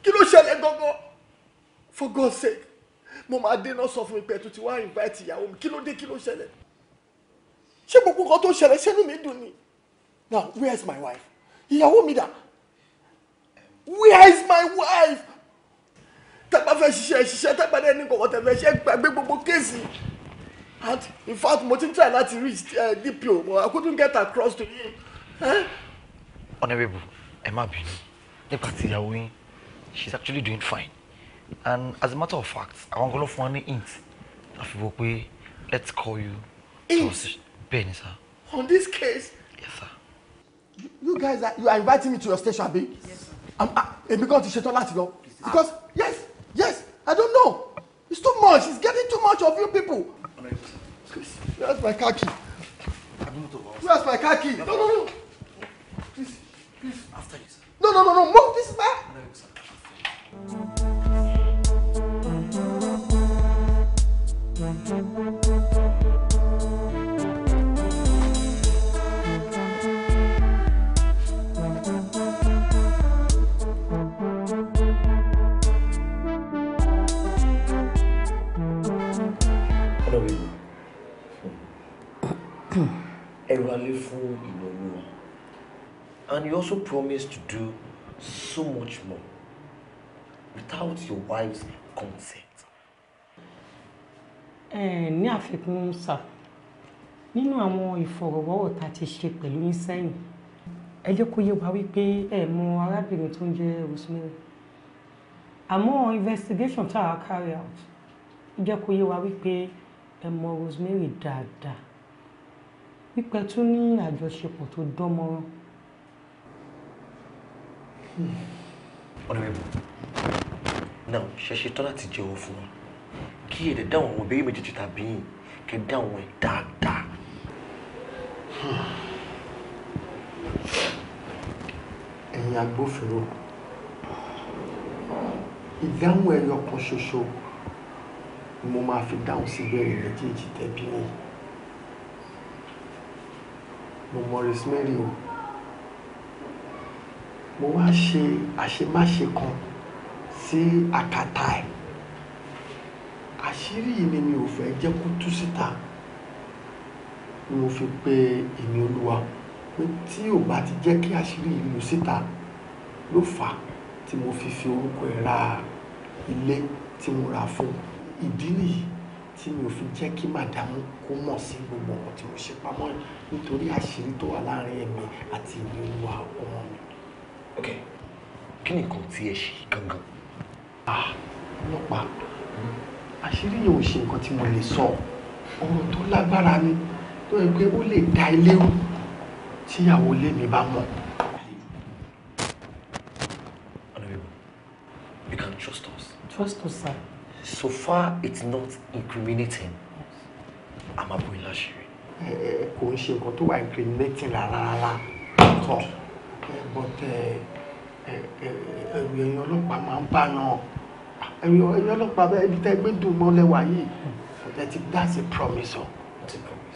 kí ló ṣẹlẹ̀ gangan for God's sake mo máa dé náà sọ fún mi pé tó ti wá invite ìyàwó mi kí ló dé kí ló ṣẹlẹ̀ ṣé gbogbo nǹkan tó ṣẹlẹ̀ ṣẹ́nu mi dùn ni now where is my wife ìyàwó mi dà where is my wife tẹ́gbà fẹ́ ṣiṣẹ́ ṣiṣẹ́ tẹ́gbà dẹ́ ní kọ̀kọ́ tẹ́gbà ṣe gbàgbé gbogbo kéèsì and in fact mo ti ń try láti reach eh, DPO but I couldn't get across to him. Eh? honourable ẹ má bínú nípa ti ìyàwó yín she is actually doing fine and as a matter of fact àwọn ọgọlọ fún wa ní int àfihàn pé let's call you. int bẹ́ẹ̀ ni sir. on this case. yes sir. you, guys are you are inviting me to your station abi. yes sir. Ah, èmi kan ti ṣetán láti lọ because yes yes i don't know it's too much it's getting too much of you people. where's my car key. where's my car key. no no no. please please. after you. No, no, no, no, move this back. ẹ̀rọ alẹ́ fún mi. And you also promise to do so much more without your wife's consent. Ẹ ní àfikún sà, nínú àwọn ìfọ̀rọ̀wọ́rọ̀ tá a ti ṣe pẹ̀lú yín sẹ́yìn, ẹ jẹ́ kó yé wa wípé ẹ mọ arábìnrin tó ń jẹ́ Rosemary. Àmọ́ investigation tá a carry out, ẹ jẹ́ kó yé wa wípé ẹ mọ Rosemary dáadáa. Wípé tún ní àjọṣepọ̀ tó dán mọ́rán. Honorable, now ṣe ṣetán láti jẹ́wọ́ fún wa kí èdè dáhùn àwọn obìnrin méjèèjì tàbí yìí kí dáhùn ẹ̀ dáadáa. Ẹ̀yin agbófinró, ìdáhùn ẹyọ kan ṣoṣo ni mo máa fi dáhùn sí ìbéèrè méjèèjì tẹ́bí yìí. Mo mọ Rosemary o mo wá ṣe àṣemáṣe kan sí àkàtà ẹ̀ àṣírí yìí ni mi ò fẹ́ jẹ́ kó tú síta ni mo fi pe èmi olúwa pé tí ò bá ti jẹ́ kí àṣírí yìí lù síta ló fà tí mo fi fi orúkọ ẹ̀ ra ilé tí mo rà fún ìdí nìyí tí mi ò fi jẹ́ kí màdámù kó mọ̀ sí gbogbo ọ̀rọ̀ tí mo ṣe pamọ́ nítorí àṣírí tó wà láàrin èmi àti ìlú olúwa ọmọ mi ok kí ni nǹkan tí ẹ ṣe gangan. Ah, ọlọ́pàá àṣírí yẹn ò ṣe nǹkan tí mo lè sọ ọ̀rọ̀ tó lágbára ni tó yẹ pé ó lè da ilé rú tíyàwó ilé mi bá mọ̀. You can trust us. Trust us, sir. So far, it's not incriminating. Yes. I'm a boy, Lashiri. Kò ń ṣe nǹkan tó la incriminating rárá rárá but ẹ̀rù ẹ̀yìn ọlọ́pàá máa ń bá náà ẹ̀rù ẹ̀yìn ọlọ́pàá bẹ́ẹ̀ ibi tẹ́ gbé dùn mọ́ lẹ́wà yìí that is that's a promise o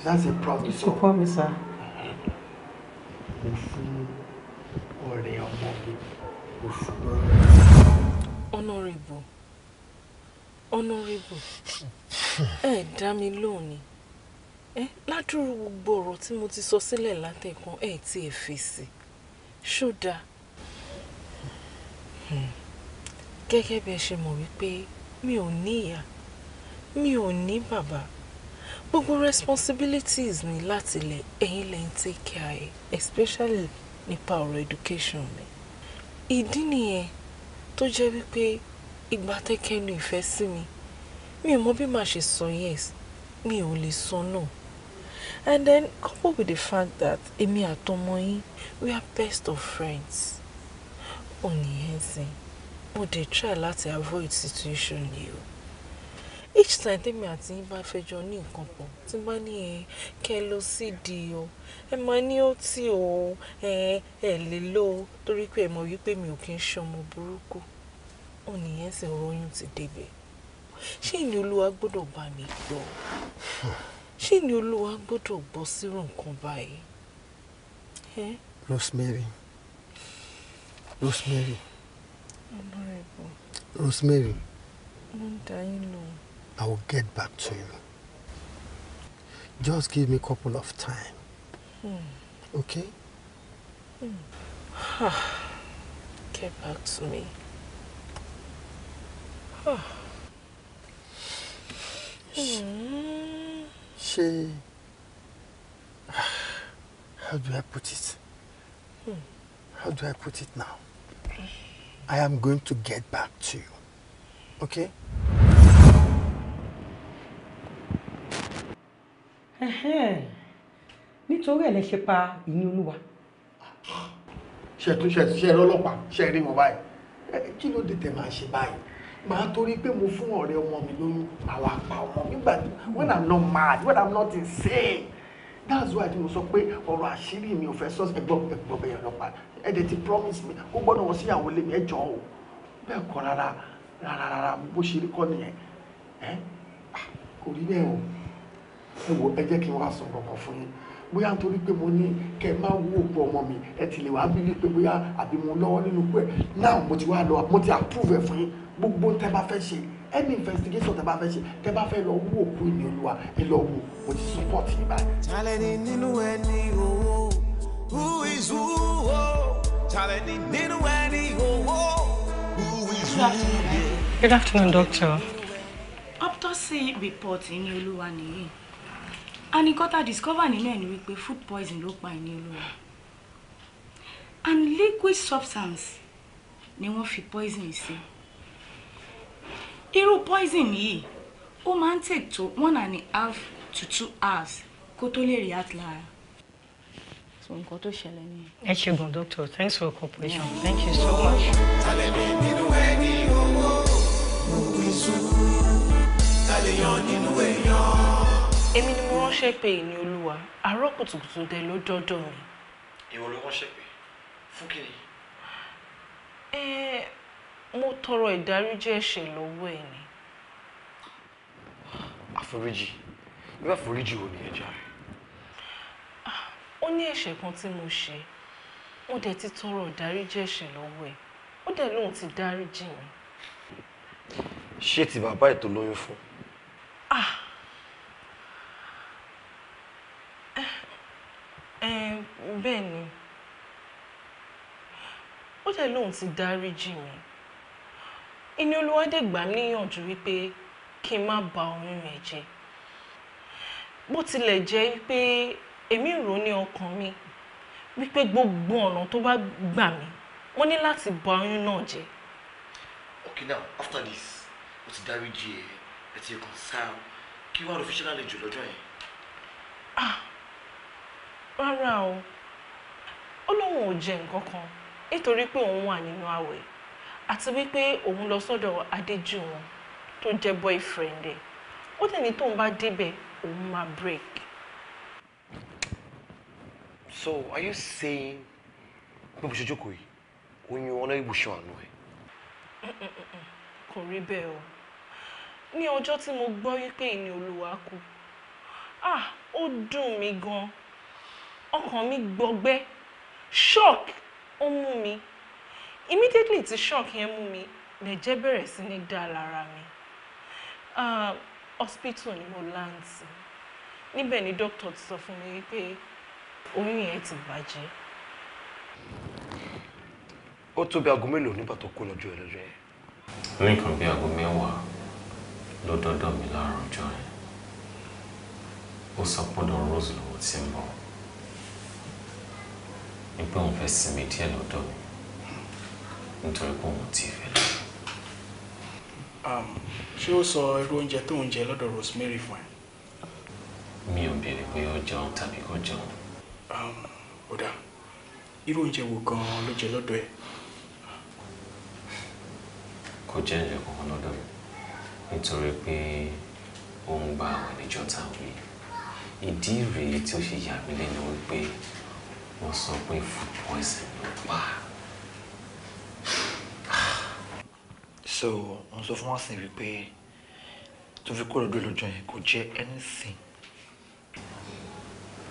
that's a promise o. promise mo fún ọ̀rẹ́ ọmọ mi mo fún ọ̀rẹ́. honourable honourable ẹ dá mi lóhùn ni ẹ ládùúrú gbogbo ọ̀rọ̀ tí mo ti sọ sílẹ̀ látẹ̀kùn ẹ ti ẹ fèsì ṣódà hmm. gẹ́gẹ́ bí ẹ ṣe mọ̀ wípé mi ò ní ìyá mi ò ní bàbá gbogbo responsibilities ni láti lè ẹ̀yin lè ń take care especially nípa ọ̀rọ̀ education mi ìdí nìyẹn tó jẹ́ wípé ìgbà tẹ́kẹ́nu ìfẹ́ sí mi mi ò mọ bí màá ṣe sọ yes mi ò lè sọ náà. No and then coupled with the fact that èmi àtọmọ yín we are best of friends ò ní yẹn sìn mo dey to avoid situation yìí each time tèmi àti yín bá fẹjọ ní nǹkan pọ̀ tí bá ní ẹ kẹ lọ sí di o e máa ní ó tì o ẹ ẹ lè lò ó torí mo ẹ mọ̀ wípé mi ò kí ń ṣọmọ burúkú ò ní yẹn sìn oyún ti débẹ̀ ṣé mi gbọ́. ṣé ni olúwa gbọ́dọ̀ gbọ́ sírò nǹkan báyìí. Rosemary Rosemary Honorable. Rosemary I will get back to you just give me a couple of time hmm. okay. Hmm. get back to me. Huh. Hmm. She. how do I put it? Hmm. How do I put it now? I am going to get back to you. Okay? nítorí ẹ̀ lẹ ṣe pa ìní olúwa. ṣe tún ṣe ṣe rọlọ́pàá ṣe rí wọn báyìí kí ló dé tẹ̀ máa ṣe báyìí màá torí pé mo fún ọ̀rẹ́ ọmọ mi lóyún màá wá pa ọmọ mi nígbà when i'm not mad when i'm not insane that's why mo sọ pé ọ̀rọ̀ àṣírí mi ò fẹ́ sọ ẹgbọ́ ẹgbọ́ bẹ́ẹ̀ ọlọ́pàá ẹ̀dẹ̀ ti promise me, ó gbọ́dọ̀ wọ́n síyàwó lé mi ẹjọ́ o bẹ́ẹ̀ kọ́ rárá rárá rárá bó ṣe rí kọ́ nìyẹn ẹ́ ah, kò rí bẹ́ẹ̀ o ẹ wo ẹ jẹ́ kí n wá sọ kankan fún yín bóyá nítorí pé mo ní kẹ́ ẹ máa wú òkú ọmọ mi ẹ ti lè wá bí wípé bóyá àbí mo lọ́wọ́ nínú pé náà mo ti wá lọ mo ti approve ẹ̀ fún yín gbogbo tẹ́ bá fẹ́ ṣe any investigation tẹ́ bá fẹ́ ṣe tẹ́ bá fẹ́ lọ wú òkú ìní olúwa ẹ lọ wò mo ti support yín báyìí. talẹ̀ ni nínú ẹni owó who is who o talẹ̀ ni nínú ẹni owó who is who. good afternoon doctor. autopsy report ìní olúwa nìyí and nǹkan tá a discover nínú ẹ̀ wípé food poison ló pa ìní olúwa and liquid substance ni wọ́n fi poison sí. Si irú poison yìí ó máa ń take tó one and a half to two hours kó tó lè react lára so nǹkan tó ṣẹlẹ̀ ni. ẹ ṣègùn doctor thanks for your cooperation yeah. thank you so much. talẹ̀ mi nínú ẹni owó òkú iṣu talẹ̀ yan nínú èèyàn. èmi ni mo ránṣẹ́ pé ìní olúwa àárọ̀ kùtùkùtù dé ló dọ́dọ̀ mi. ìwọ ló ránṣẹ́ pé fún kí ni. ẹ mo tọrọ ìdáríjì ẹ̀ṣẹ̀ lọ́wọ́ ẹ̀ ni. àforíjì irú àforíjì wo ni ẹ jàre. ó ní ẹ̀ṣẹ̀ kan tí mo ṣe mo dẹ̀ ti tọrọ ìdáríjì ẹ̀ṣẹ̀ lọ́wọ́ ẹ̀ ó dẹ̀ lóun ti dáríjì mi. ṣé ti bàbá ẹ̀ lóyún fún. ah eh, eh, bẹ́ẹ̀ ni ó dẹ̀ lóun ti dáríjì mi ẹni olúwa dẹ̀ gbà mí níyànjú wípé kí n má ba oyún rẹ̀ jẹ́ bó tilẹ̀ jẹ́ wípé èmi rò ní ọkàn mi wípé gbogbo ọ̀nà tó bá gbà mí wọ́n ní láti ba oyún náà jẹ́. okay now after this o ti dáríjì ẹ ẹ ti kàn sáà kí wàá lọ fi ṣe lálejò lọ́jọ́ yẹn. ah rárá o ó lóun ò jẹ nǹkan kan nítorí pé òun wà nínú àwẹ̀ àti wípé òun lọ sọ́dọ̀ Adéjùwọ̀n tó jẹ́ boyfriend ẹ̀ ó dẹ̀ ní tóun bá débẹ̀ òun máa break. So are you saying bí mo ṣe jókòó yìí oyún ọlọ́yìn ibùsùn àánú ẹ̀. kò rí bẹ́ẹ̀ o ní ọjọ́ tí mo gbọ́ wípé ìní olúwa kú ah ó dùn mí gan-an ọkàn mi gbọgbẹ́ shock ó mú mi immediately tí shock yẹn mú mi lẹ̀jẹ̀ bẹ̀rẹ̀ sí ní dà lára mi hospital ni mo láǹtì níbẹ̀ ni doctor ti sọ fún mi wípé oyún yẹn ti bàjẹ́. ó tó bí aago mélòó nígbà tó kú lọ́jọ́ ẹlẹ́jọ́ yẹn. nǹkan bí aago mẹ́wàá ló dọ́dọ̀ mi láàárọ̀ ọjọ́ yẹn ó sọ pọ́dọ̀ rose lọ́wọ́ tí ń bọ̀ nígbà òun fẹ́ sinmi díẹ̀ lọ́dọ̀ mi nítorí pé òun ti fẹ́ lọ. Um, ṣé ó sọ irú oúnjẹ tó ń jẹ lọ́dọ̀ Rosemary fún ẹ. mi ò béèrè pé ó jẹun tàbí kò jẹun. Um, ó dáa irú oúnjẹ wo gan-an ló jẹ lọ́dọ̀ ẹ. kò jẹ́ oúnjẹ kankan lọ́dọ̀ mi nítorí pé ó ń gba àwọn ìjọ táwọn yìí ìdí rèé tí ó ṣe yà mí lẹ́nu wípé wọ́n sọ pé food poison ló pa á. so mo sọ fún wọn sìn wípé tó fi kúrò dúró lọ́jọ́ yẹn kò jẹ́ anything.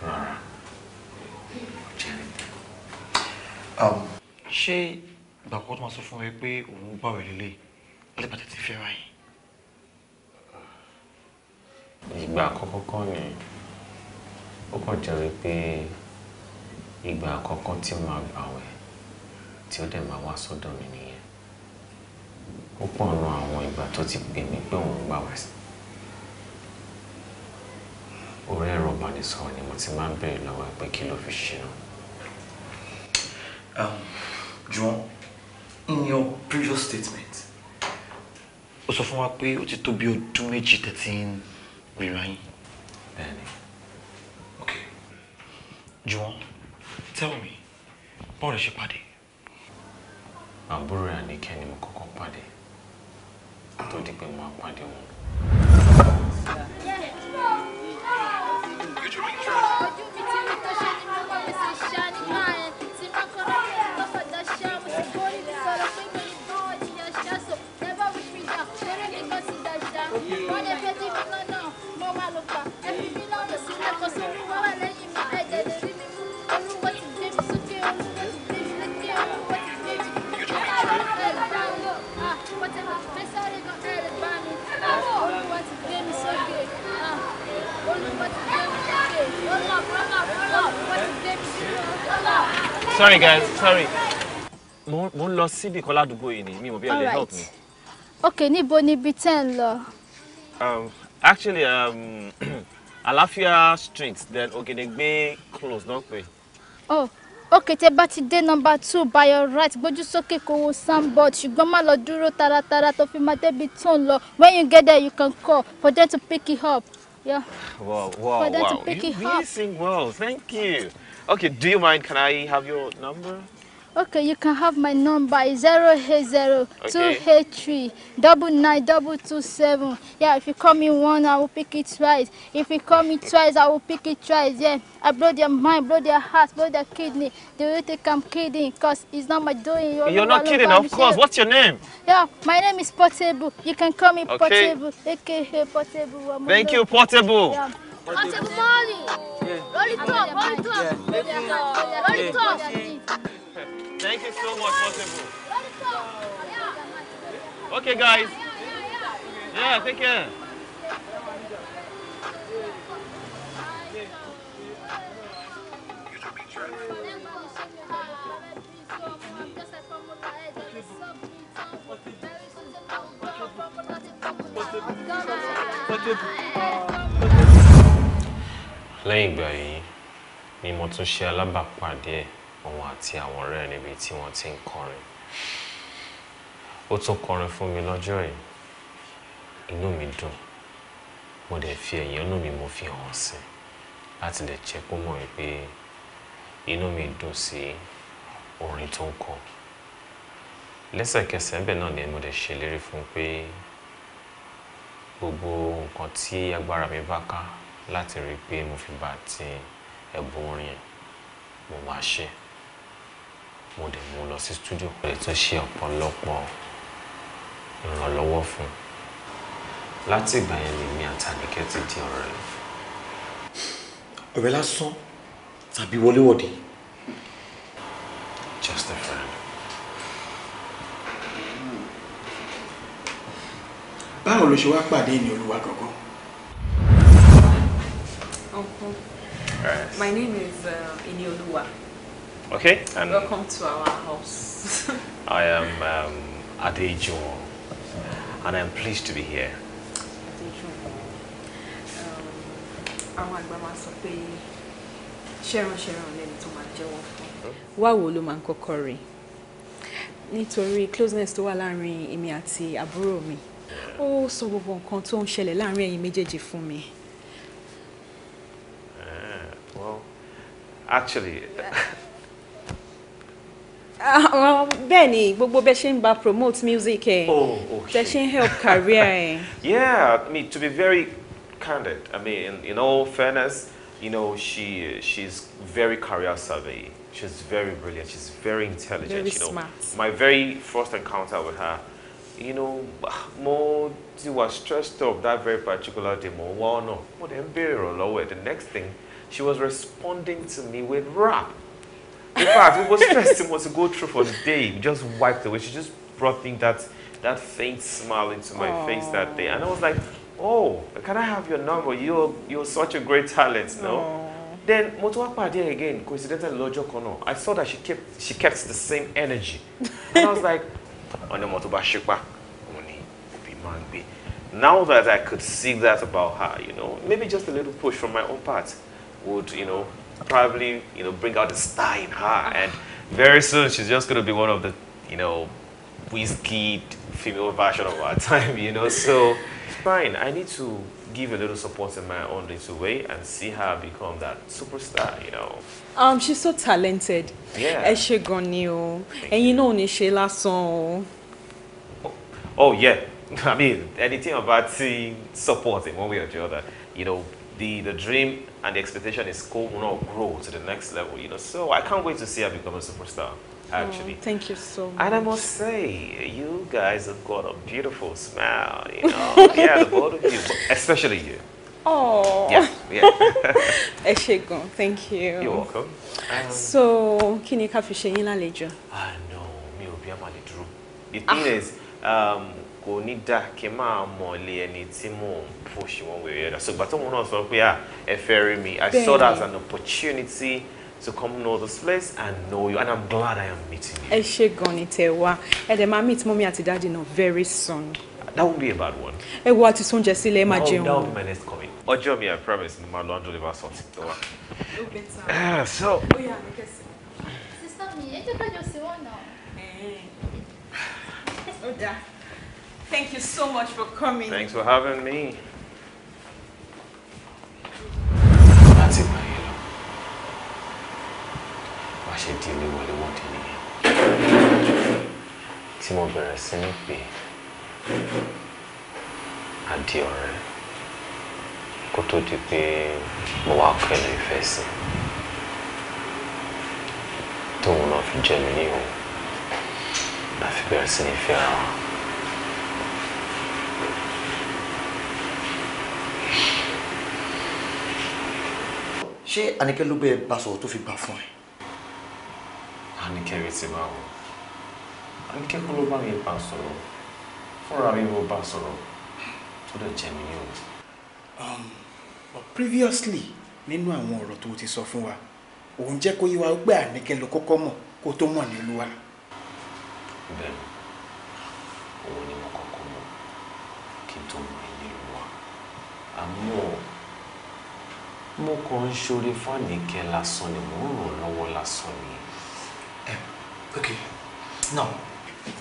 rárá kò jẹ́ anything. Um, ṣé ìgbàgbọ́ tó máa sọ fún mi pé òun gbà wẹ̀ lélẹ̀ lọ́dẹ̀ bàtẹ́ ti fẹ́ ra yìí. ìgbà àkọ́kọ́ kan ni ó kàn jẹ́ wípé ìgbà àkọ́kọ́ tí màá gbà wẹ̀ tí ó dẹ̀ máa wá sọ́dọ̀ mi nìyẹn ó pọ̀ nu àwọn ìgbà tó ti pè mí pé òun gbà wá sí orí ẹ̀rọ ìbánisọ̀rọ̀ ni mo ti máa ń bẹ̀rẹ̀ lọ́wọ́ pé kí ló fi ṣe nù. Um, John, in your previous statement ó sọ fún wa pé ó ti tó bí ọdún méjì tẹ̀tí ń yín. bẹ́ẹ̀ni. ok John, tell me báwo lè ṣe pàdé. àbúrò ẹ̀ àníkẹ́ ni mo kọ́kọ́ pàdé kó tó di pé máa pàdé wọn. sorry guys sorry. mo ń lọ síbi kan ládùúgbò yìí ni mi ò mọ help me. ok níbo ni ibi tẹ́ ń Um, actually um, Alafia street then Ògèdèngbé close don pe. oh ok tẹ bá ti dé number two by your right gbójú sókè kó wo signboard ṣùgbọ́n má lọ dúró taratara To fi máa débi tó ń lọ when you get there you can call for them to pick you up. Yeah. Wow, wow, wow. to pick sing well. Thank you. Okay, do you mind? Can I have your number? Okay, you can have my number. Zero zero two three double nine double two seven. Yeah, if you call me one, I will pick it twice. If you call me twice, I will pick it twice. Yeah, I blow their mind, blow their heart, blow their kidney. Do you think I'm kidding Cause it's not my doing. You're, You're not kidding, of course. What's your name? Yeah, my name is Portable. You can call me okay. Portable, Okay, Portable. Thank you, Portable. Yeah. Thank you so much, Possible. Okay, guys. Yeah, take care. Possible. Possible. lẹ́yìn ìgbà yìí ni mo tún ṣe alábàápàdé ẹ̀ òun àti àwọn ọ̀rẹ́ níbi tí wọ́n ti ń kọrin ó tún kọrin fún mi lọ́jọ́ yìí inú mi dùn mo dẹ̀ fi ẹ̀yẹ́nú mi mo fi hàn sí láti lè jẹ́ kó mọ̀ pé inú mi dùn sí orin tó ń kọ lẹ́sẹ̀kẹsẹ̀ ẹ̀bẹ̀ náà ni mo dẹ̀ ṣèlérí fún pé gbogbo nǹkan tí agbára mi bá ká láti rí i pé mo fi bá ti ẹ̀bùn orin yẹn mo máa ṣe mo dẹ̀ mú lọ sí studio mo lè tún ṣe ọ̀pọ̀lọpọ̀ ìrànlọ́wọ́ fún un láti ìgbà yẹn lèmi àtàníkẹ́ ti di ọ̀rẹ́ ọ̀rẹ́ lásán tàbí wọléwọ̀de. just a friend. báwo ló ṣe wá pàdé ní olúwa gangan. Uncle. Right. My name is uh, Inioluwa. Okay. And Welcome to our house. I am um, Adejo, and I am pleased to be here. Adejo, um, àwọn àgbà máa sọ pé ṣẹ́ran ṣẹ́ran lẹ́nu tó máa jẹ́wọ́ fún. Wáwo ló máa ń kọ́kọ́ rí? Nítorí closeness tó wà láàárín èmi àti àbúrò mi, ó sọ gbogbo nǹkan tó ń ṣẹlẹ̀ láàárín ẹ̀yin méjèèjì fún mi. actually. Ah, bẹ́ẹ̀ ni gbogbo bẹ́ẹ̀ ṣe ń music ẹ̀ oh, oh, bẹ́ẹ̀ ṣe ń help career ẹ̀. yeah I mean to be very candid I mean in, in all fairness you know she she's very career savvy she's very brilliant she's very intelligent very you know smart. my very first encounter with her you know more she was stressed up that very particular day mo wọ́n náà mo dẹ̀ ń béèrè ìrànlọ́wọ́ the next thing she was responding to me with rap. In fact, it was stress It was to go through for the day just wiped away. She just brought in that, that faint smile into my Aww. face that day. And I was like, oh, can I have your number? You're, you're such a great talent, no? Aww. Then Motuapa there again, coincidentally lọ́jọ́ Kono. I saw that she kept, she kept the same energy. And I was like, "On the tó Now that I could see that about her, you know, maybe just a little push from my own part would, you know, probably, you know, bring out the star in her. And very soon she's just going to be one of the, you know, whiskey female version of our time, you know. So fine, I need to give a little support in my own little way and see her become that superstar, you know. Um, she's so talented. Yeah. Ẹ ṣé gan ni o. Ẹ̀yin náà ò oh, oh yeah, I mean anything about support in one way or the other, you know, the the dream and the expectation is Cole will not grow to the next level, you know. So I can't wait to see her become a superstar. Actually, oh, thank you so much. And I must say, you guys have got a beautiful smile. You know, yeah, the both of you, especially you. Oh. Yeah, yeah. thank you. You're welcome. Um, so, kí ni ká fi in yín lálejò? I know, mi ò bí a The ah. thing ah. is, um, kò ní kí n máa mọ̀lé ẹni tí mò ń push one way or the so ìgbà tó wọn náà sọ pé ah ẹ fẹ́ rí mi I saw that as an opportunity to come know this place and know you and I'm glad I am meeting you. ẹ ṣe gan ni tẹ wá ẹ dẹ̀ máa meet mọ́mí àti dáàdì náà very soon. that won't be a bad one. ẹ wo àti sóúnjẹ sílẹ̀ ẹ máa oh, jẹun. that will be my next coming. ọjọ́ mi I promise ni màá lọ and deliver something to wa. Ah, so. Oh, o mi ẹ jẹ́ ká jọ sí wọn náà. ó dáa. Thank you so much for coming. Thanks for having me. tí mo bẹ̀rẹ̀ sí ní pé àdì ọ̀rẹ́ kó tó di pé mo wá pẹ̀lú ìfẹ́ sí tóun náà fi jẹ́ mi ní láti bẹ̀rẹ̀ sí ní fẹ́ràn. ṣé Àníkẹ́ ló bẹ́ẹ̀ bá sọ̀rọ̀ tó fi gbà fún ẹ. Àníkẹ́ retí máa wọ̀ Àníkẹ́ kọ́ ló bá mi bá sọ̀rọ̀ fúnra mi mo bá sọ̀rọ̀ tó dẹ̀ jẹ́ mi o. but previously nínú àwọn ọ̀rọ̀ tó ti sọ fún wa òun jẹ́ kó yí wa pé Àníkẹ́ ló kọ́kọ́ mọ̀ kó tó mọ̀ ní Olúwa. bẹ́ẹ̀ni òun ni mo kọ́kọ́ mọ̀ kí n tó mọ̀ ní Olúwa àmọ́ mo kàn ń ṣoore fáníkẹ́ lásán ni mò ń ràn lọ́wọ́ lásán ni. ok now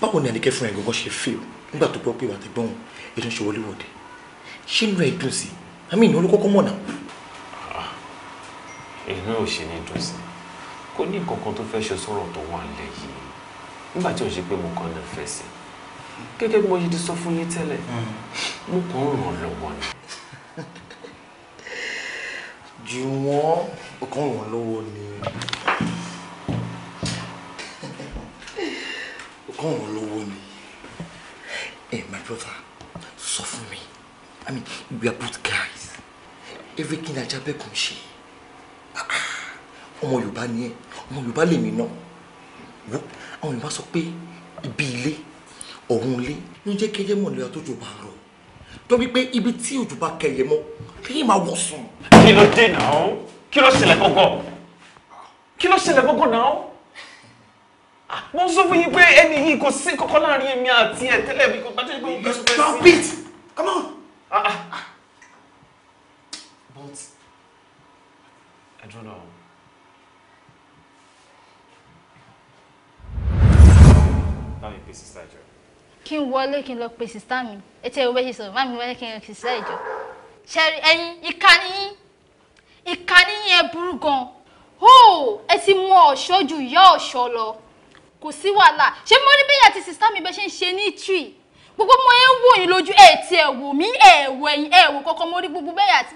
báwo ni Àníkẹ́ fún ẹ gangan ṣe feel nígbà tó gbọ́ pé wà á ti gbọ́hùn ètò ń ṣe wọlé wọ̀de ṣé inú ẹ dùn sí i àmì ìnáwó kọ́kọ́ mọ̀ náà. Ah, inú ò ṣe ní dùn sí i kò ní kankan tó fẹ́ ṣe sọ̀rọ̀ tó wà nílẹ̀ yìí nígbà tí ò ṣe pé mo kàn ń fẹ́ sí i gẹ́gẹ́ bí mo ṣe ti sọ fún yín tẹ́lẹ̀ hmm. mo kàn ń ràn lọ́wọ́ ni jù wọ́n ó kàn wọ́n lọ́wọ́ ni ó kàn wọ́n ni hey my brother sọ fún mi i mean we are both guys everything Ajabẹ́kùn ṣe ọmọ Yorùbá ni ẹ ọmọ Yorùbá lèmi náà wo àwọn Yorùbá sọ pé ibi ilé ọ̀hún ilé ló jẹ́ kẹ́jẹ́ mọ̀lẹ́yà tó jọba rọ̀ torí pé ibi tí òjò bá kẹyẹ mọ́ kí yín máa wọ̀ sùn. kí ló dé náà kí ló ṣẹlẹ̀ gọ́gọ́ kí ló ṣẹlẹ̀ gọ́gọ́ náà ah, mo sọ fún yín pé ẹni yìí kò sí kọ́kọ́ láàrin èmi àti ẹ̀ tẹ́lẹ̀ mi kò gbájú pé mo bẹ̀rẹ̀ sí. stop it come on. Ah, ah. but I don't know. Now you pay sister Joe kí n wọlé kí n lọ pe sista mi etí ẹ̀rọ bẹ́ẹ̀ ṣe sọ̀rọ̀ má mi wọlé kí n lọ pe sista ìjọ. ṣẹ́rí ẹ̀yin ìka níyìn ìka níyìn ẹ burú gan o ẹ mú ọ̀ṣọ́ ju ìyá ọ̀ṣọ́ lọ kò sí wàhálà ṣé mo rí bẹ́yà àti sista mi bẹ́ẹ̀ ṣe ń ṣe ní tree gbogbo mo ń wò yín lójú ẹ̀ tí ẹ̀ wò mí ẹ̀ wò ẹ̀yìn ẹ̀ wò kọ́kọ́ mo rí gbogbo bẹ́yà àti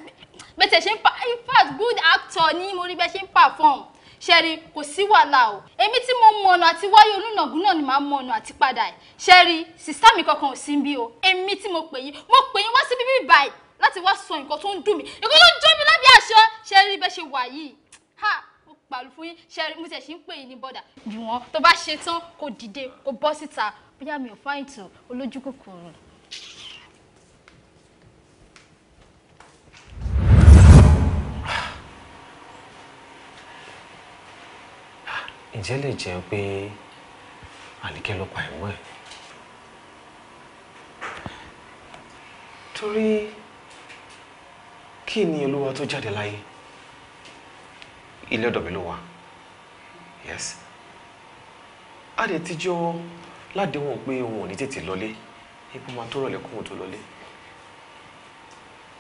bẹ́ẹ̀ ṣe ń pa in fact good actor ni mo rí bẹ́ẹ̀ ṣe ń perform ṣẹ́rí kò sí wàhálà o èmi tí mo mọ ọ̀nà àti wáyé olùnàgún náà ni màá mọ ọ̀nà àti padà ẹ̀ ṣẹ́rí sìsá mi kankan ò sí bí o èmi tí mo pè yín mo pè yín wá sí bíbí báyìí láti wá sọ nǹkan tó ń dùn mí nǹkan tó ń jó mi lábẹ́ àṣọ ṣẹ́rí bẹ́ẹ̀ ṣe wà yìí ha mo pàlù fún yín ṣẹ́rí mo ti ẹ̀ ṣe ń pè yín ní bọ́dà jù wọ́n tó bá ṣe tán kó dìde kó bọ́ síta bóyá mi ò fáyìn tó olójú kòkòrò ǹjẹ́ lè jẹ́ pé àníkẹ́ ló pa ẹ̀gbọ́n ẹ̀ torí kí ni olúwa tó jáde láyé ilé ọ̀dọ̀ mi ló wà yes a lè ti jọ ládéhùn pé òun ò ní tètè lọlé ipò máa tó rọ̀lẹ́ kóhun tó lọlé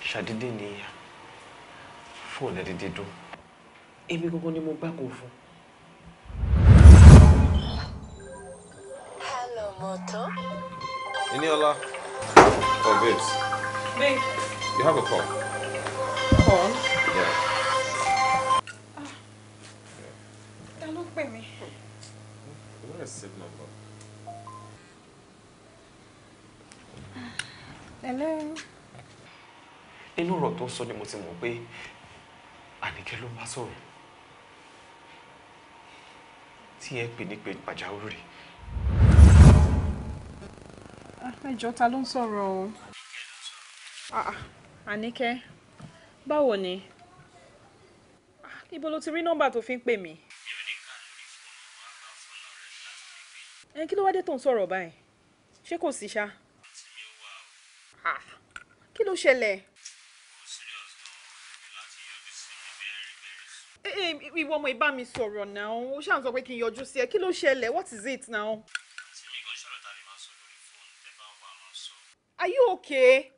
ṣàdédé ni fóònù ẹ̀ dédé dún èmi gbogbo ni mo bá kó fún un. Moto? Iniola. Oh, babes. Babe. You have a call. Call? Yeah. Ah. Yeah. Don't look at me. What a sip number. Hello. Nínú ọ̀rọ̀ tó ni mo ti mọ̀ pé Àníkẹ́ ló ń bá sọ̀rọ̀. Tí ẹ pè ní pé Ah, ẹjọ́ ta ló ń sọ̀rọ̀ o ah, àníkẹ́ báwo ni ah, ibo ló ti rí nọ́mbà tó fi ń pè mí. ẹ kí ló wá dé tó ń sọ̀rọ̀ báyìí ṣé kò sí ṣá. kí ló ṣẹlẹ̀. Eh, eh, ìwọ ọmọ ìbá mi sọ̀rọ̀ náà ó ṣáà pé kí n yọjú sí ẹ kí ló ṣẹlẹ̀ what is it now. Are you okay?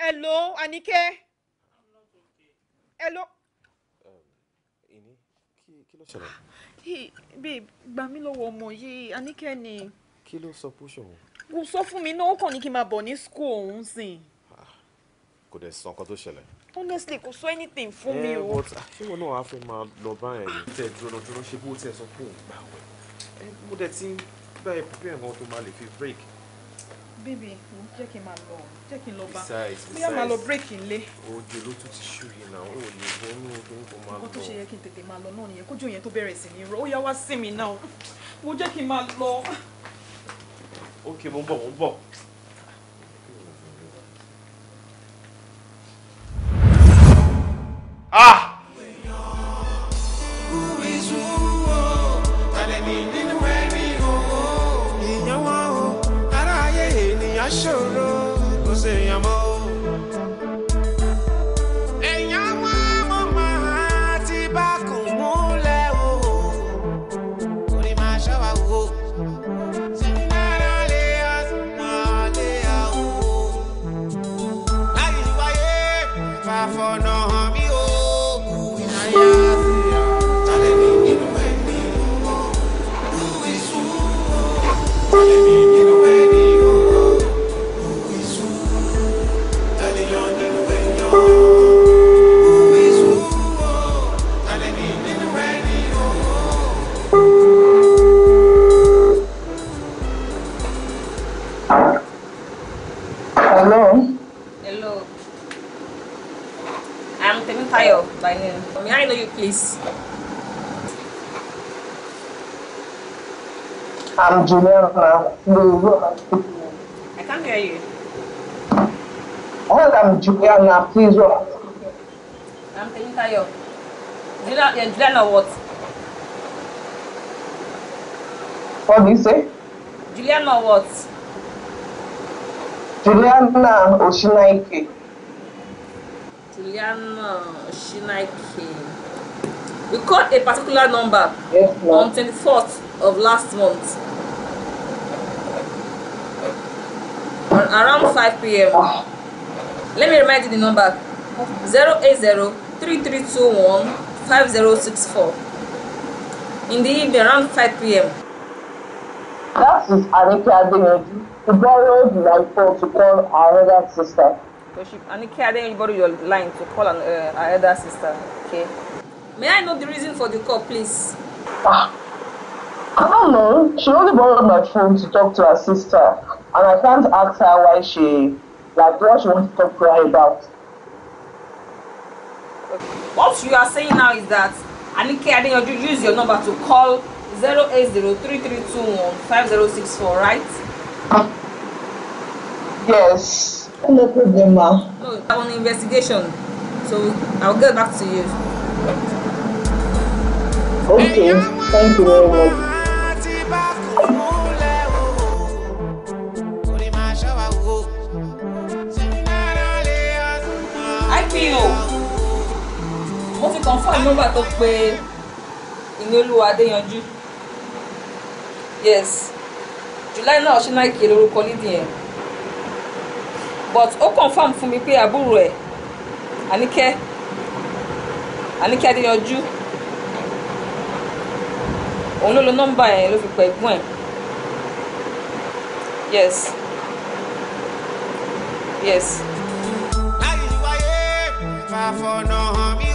Hello, Anike? Hello. Ini, um, kí ló ṣẹlẹ̀? Babe, gbà mí lọ́wọ́ ọmọ yìí, Anike ni. Kí ló sọ púṣọ̀ òun? Kò sọ fún mi náà, ó kàn ní kí n máa bọ̀ ní school òun sìn. Ah, kò dẹ̀ sọ nǹkan tó ṣẹlẹ̀ honestly kò sọ anything fún mi eh, o. Ah, ṣé wọn náà á fẹ́ máa lọ bá ẹ̀ tẹ dúró dúró ṣe bó tẹ sọ fún òun gbà wẹ̀ eh, mo dẹ̀ ti ń gbà ẹ pípẹ́ nǹkan tó máa lè fi break bébì mo jẹ́ kí n máa lọ jẹ́ kí n lọ bá bí a máa lọ bírèkì lé. oge ló tún ti ṣú yìí náà ó lè wọnú ogun kó máa lọ. nǹkan tó ṣe yẹ kí n tètè máa lọ náà nìyẹn kójú yẹn tó bẹ̀rẹ̀ sí ní rọ ó yá wá sí mi náà mo jẹ́ kí n máa lọ. ok mo ń bọ̀ mo ń bọ̀. I can't hear you. Madam Juliana, please what? I'm telling tired. Julian, Juliana what? What do you say? Juliana what? Juliana Oshinaike. Juliana Oshinaike. We called a particular number yes, on 24th of last month. around 5 p.m. Let me remind you the number 080-3321-5064. In the evening around 5 p.m. That is Anike Adeyanju. You borrowed my phone to call our elder sister. Worship Anike Adeyanju borrowed your line to call an, uh, our elder sister. Okay. May I know the reason for the call, please? Ah, I don't know. She only borrowed my phone to talk to her sister and I can't ask her why she, like, what she wants to talk to her about. What you are saying now is that Anike Adeyanju use your number to call 08033215064, right? yes. No problem, ma. No, I'm on investigation, so I'll get back to you. Okay, thank you very much. confirm nọ́mbà tó pe Ìníolúwa Adéyanjú yes July náà ṣe náà kiri orúkọ lídìí yẹn but ó confirm fún mi pé àbúrò ẹ̀ Àníkẹ́ Àníkẹ́ Adéyanjú òun ló lo nọ́mbà yẹn ló fi pẹ̀ ẹ̀gbọ́n ẹ̀ yes yes. láyé wáyé fàfọ̀nà hàn mí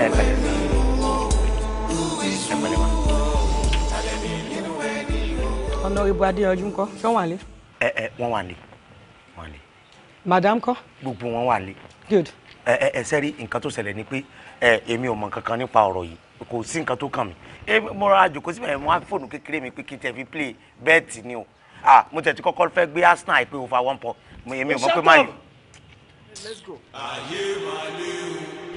ẹ pẹ̀lẹ́ sá ẹ pẹ̀lẹ́ wa. ọ̀nà ìbò adéyanjú ńkọ́ ṣọ́ wà lé. ẹ ẹ wọ́n wà lé wọ́n lé. madam kọ́. gbogbo wọn wà lé. good. ẹ ẹ ẹ sẹ́rí nǹkan tó ṣẹlẹ̀ ni pé ẹ èmi ò mọ nǹkan kan nípa ọ̀rọ̀ yìí kò sí nǹkan tó kàn mí ẹ mo ra àjòkó síbẹ̀ mo á fóònù kékeré mi pé kí n tẹ̀ fi play bẹ́ẹ̀tì ni o ah mo tẹ̀ ti kọ́kọ́ fẹ́ gbé Arsenal àìpé over one point mo yẹ mi ò mọ̀ pé máa yìí. ayé máa lé o.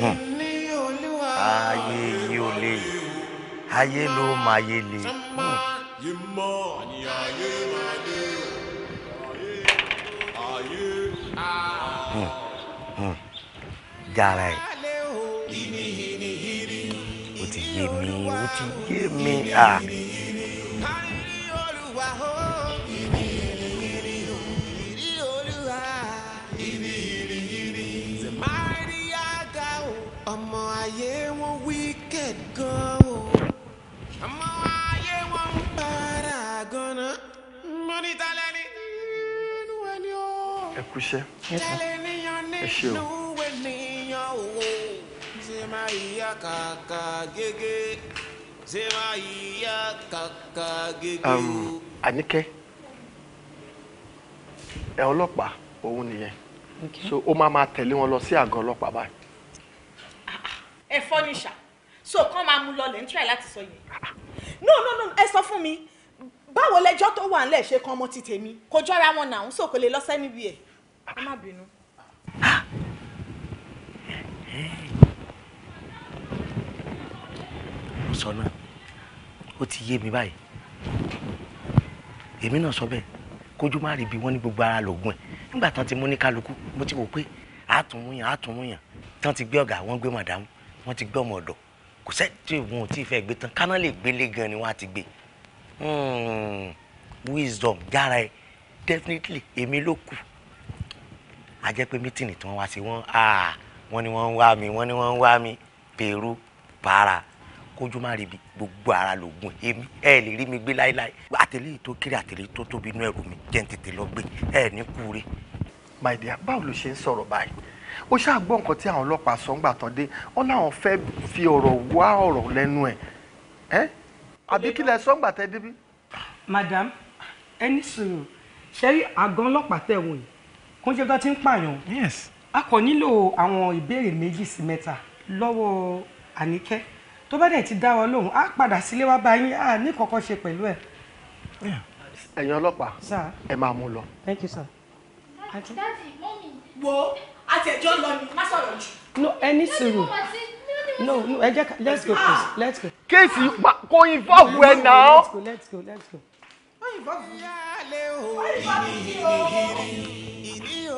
ayé yìí ò lè ayé ló máa yé lè. jara ẹ ó ti yé mi ó ti yé mi. Ah. ayé wọn wicked gan o àmọ́ ayé wọn ń para gan-an mo ní talẹ́ ní inú ẹni o ẹ kú iṣẹ́ níyan nínú ènìyàn o ṣe máa yíyá kàkà gégé ṣe máa yíyá kàkà gégé Àníkẹ́ ẹ ọlọ́pàá òun nìyẹn so ó máa máa tẹ̀lé wọn lọ sí àgọ́ ọlọ́pàá báyìí ẹ̀fọ́ ni ṣá so kàn máa mú lọlẹ̀ ń try láti sọ yẹn. no no no ẹ sọ fún mi báwo lẹjọ́ tó wà nílẹ̀ ṣe kan ọmọ ti tèmi kò jọra wọn náà so kò lè lọ sẹ́ni bí ẹ̀ ẹ má bínú. mo sọ náà ó ti yé mi báyìí èmi náà sọ bẹ́ẹ̀ kójú má rí bí wọ́n ní gbogbo ara lògùn ẹ̀ nígbà tán ti mú ní kálukú mo ti wò pé àtúnmúyàn àtúnmúyàn tán ti gbé ọ̀gá wọn gbé màdámù wọ́n ti gbé ọmọ ọ̀dọ̀ kò sẹ́tì wọn ò tí ì fẹ́ gbé tán káná lè gbélé gan ni wọ́n á ti gbé hmm, wisdom yára ẹ definitely èmi ló kù a jẹ́ pé mítìnì tí wọ́n wá sí wọ́n wọ́n ní wọ́n ń wá mi wọ́n ní wọ́n ń wá mi pèrú para kójú má ríbi gbogbo ara lògùn èmi ẹ lè rí mi gbé láéláé àtẹlẹ tó kiri àtẹlẹ tó tóbi inú ẹrù mi jẹ́ ń tètè lọ gbé ẹ ní kúure. my dear báwo ló ṣe ń sọ̀rọ̀ báyìí ó ṣáà gbọ́ nǹkan tí àwọn ọlọ́pàá sọ ńgbà tán dé ó láwọn fẹ́ fi ọ̀rọ̀ wá ọ̀rọ̀ lẹ́nu ẹ̀ ẹ́ àbí kí lẹ sọ ńgbà tẹ́ débí. madam ẹni sùúrù ṣẹ́rí àgọ́ ọlọ́pàá tẹ̀ wọ̀nyí kó jẹ́ bá ti ń pààyàn a kò nílò àwọn ìbéèrè méjì sí mẹ́ta lọ́wọ́ àníkẹ́ tó bá dẹ̀ ti dá wa lóhùn á padà sílé wa bá yín á ní kọ́kọ́ ṣe pẹ̀lú ẹ̀. ẹ̀yin ọlọ́pàá ẹ máa mú lọ. thank you sir. wo àtẹ̀jọ́ lọ ni má sọ̀rọ̀ jù. no any sùúrù no no ẹ jẹ́ ká let's go ah! please let's go. kéèsì kò involve ẹ náà. let's go let's go let's go. ó involve mi. ó involve mi o.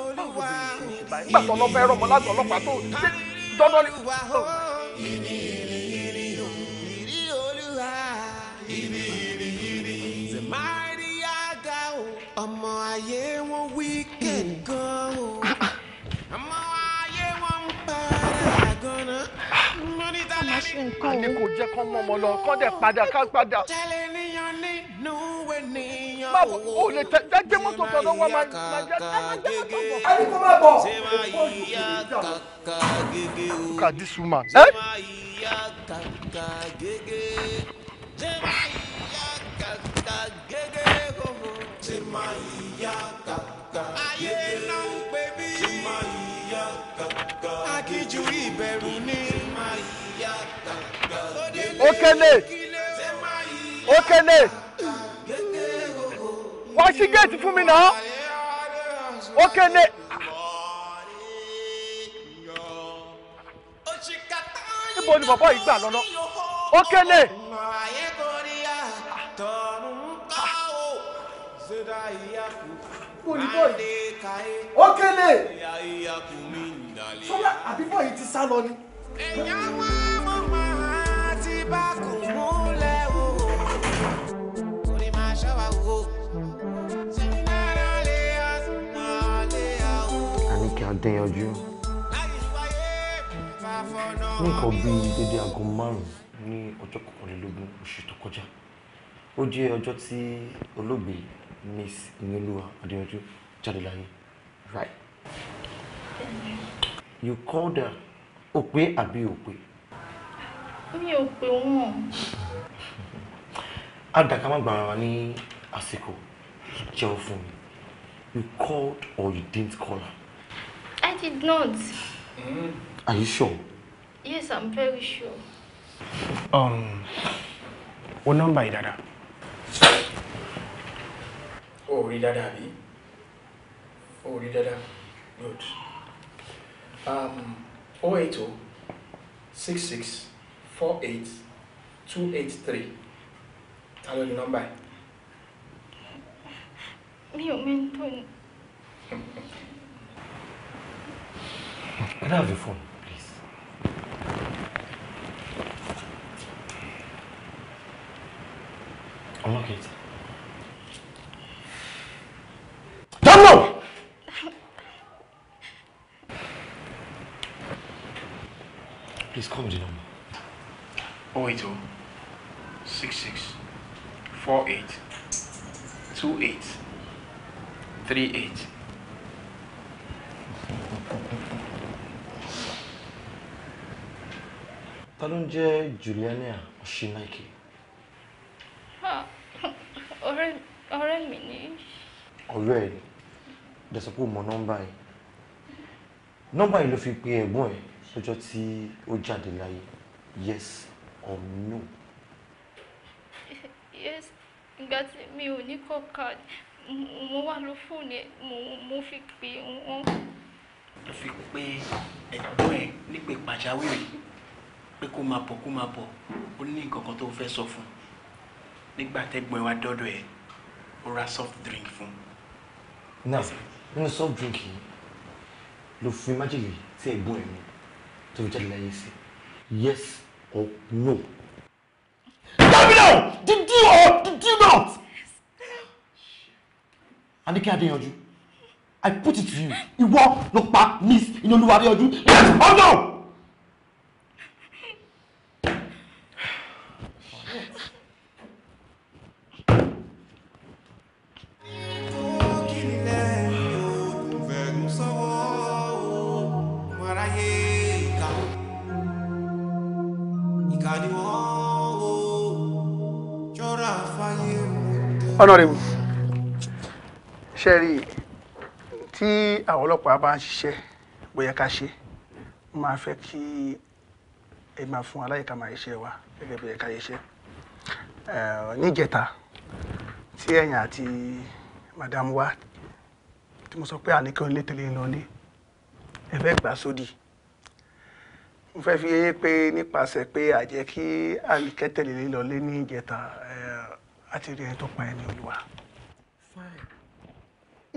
ìgbà tó lọ fẹ́ rọmọ láti ọlọ́pàá tó ṣe ni. ọmọ ayé wọn wíkẹ̀ gan o. a ní kò jẹ́ kán mọ́ ọmọ lọ kán dẹ̀ padà ká padà. má bọ̀ o lè tẹ jáde mọ́tò kan lọ́wọ́ máa jẹ́ jáde mọ́tò bọ̀. a ní kó má bọ̀. look at this woman. Eh? ayé náà ń pè mí kíjú ìbẹ̀rù ní. ó kéde ó kéde wá sí géètì fún mi náà ó kéde. níbo ni bọ̀bọ̀ yìí gbà lọ́nà ó kéde. Ah olùkọ́ yìí ó kélé sọlá àbíkọ́ yìí ti sá lọ ni. ẹ̀yà wá mo máa ti bá kò múlẹ̀ o kò ní máa ṣọ́wá wo. àní kí ní nǹkan bíi dédé aago márùn-ún ní ọjọ́ kọkànlélógún oṣù tó kọjá ó jẹ́ ọjọ́ tí olóògbé miss Inoluwa Adeyanju Jadilaye right. you called her o Abi, àbí o pé. mi ò pè wọ́n. àdàkà má gbàrà ní àsìkò jẹun fún mi you called or you didn't call her. I did not. Mm. Are you sure? Yes, I'm very sure. Um, what number is that? ó rí dáadáa bí ó rí dáadáa good um, 080 66 48 283 ta ló ní nọ́mbà yìí. mi ò mẹ́ tó ní. Can I have your phone? please? Unlock it. Please call me the number. Oh eight oh six six four eight two eight three eight. ta ló ń jẹ́ Juliana Oshinaike. ọ̀rẹ́ ọ̀rẹ́ mi ni. ọ̀rẹ́ ẹ̀ dẹ̀sọ̀ pé o mọ nọ́mbà yìí nọ́mbà yìí ló fi pe ẹ̀gbọ́n ẹ̀ lọ́jọ́ tí ó jáde láyé yes or no. yes ìgbà tí mi ò ní call card mo wà ló fóònù ẹ mo fi pè wọ́n. mo fi pe ẹ̀gbọ́n ẹ̀ nípe pàjáwìrì pé kó máa bọ̀ kó máa bọ̀ ó ní nǹkan kan tó fẹ́ sọ fún un nígbà tẹ́gbọ́n ẹ wá dọ́dọ̀ ẹ̀ ó ra soft drink fún un. náà nínú soft drink yìí ló fi májèlé tí ẹ̀gbọ́n ẹ̀ mi say Yes or no? Tell me now! Did you or did you not? And Anike Adeyanju, I put it to you. You walk, look back, Miss Inoluwa Adeyanju. Yes or no? honorable sẹ́rí tí àwọn ọlọ́pàá bá ń ṣiṣẹ́ bóyá ká ṣe máa fẹ́ kí ẹ máa fún aláìka máa iṣẹ́ wa gẹ́gẹ́ bí ẹ̀ka iṣẹ́ níjẹta tí ẹ̀yìn àti madam wa tí mo sọ pé àníkan lé tẹ̀lé lọlé ẹ fẹ́ gbà sódì mo fẹ́ fi yé pé nípasẹ̀ pé àjẹ́ kí àníkẹ́ tẹ̀lé lọlé ní àti rí ẹ tó pa ẹni olúwa. fine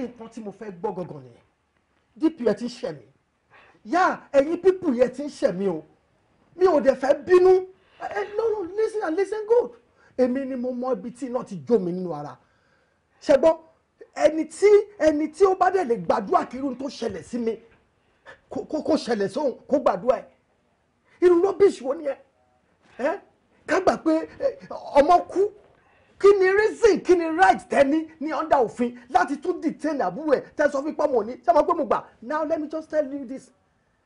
nǹkan tí mo fẹ́ gbọ́ gangan nìyẹn dp ẹ ti ń ṣẹ̀ mí yá ẹ̀yin pípù yẹn ti ń ṣẹ̀ mí o mi ò dẹ̀ fẹ́ bínú no listen and listen good èmi ni mo mọ ibi tí iná ti jó mi nínú ara ṣẹgbọ́n ẹni tí ẹni tí ó bá dẹ̀ lè gbàdúrà kí irun tó ṣẹlẹ̀ sí mi kó ṣẹlẹ̀ sóhun kó gbàdúrà ẹ̀ irú rọ́bìṣì wo ni ẹ ká gbà pé ọmọ kú kí ni reason kí ni right tẹ́ni ní under òfin láti tún detain àbúrò ẹ̀ tẹ́ sọ fún pọ́mọ ní ṣé mo gbé mo gbà now let me just tell you this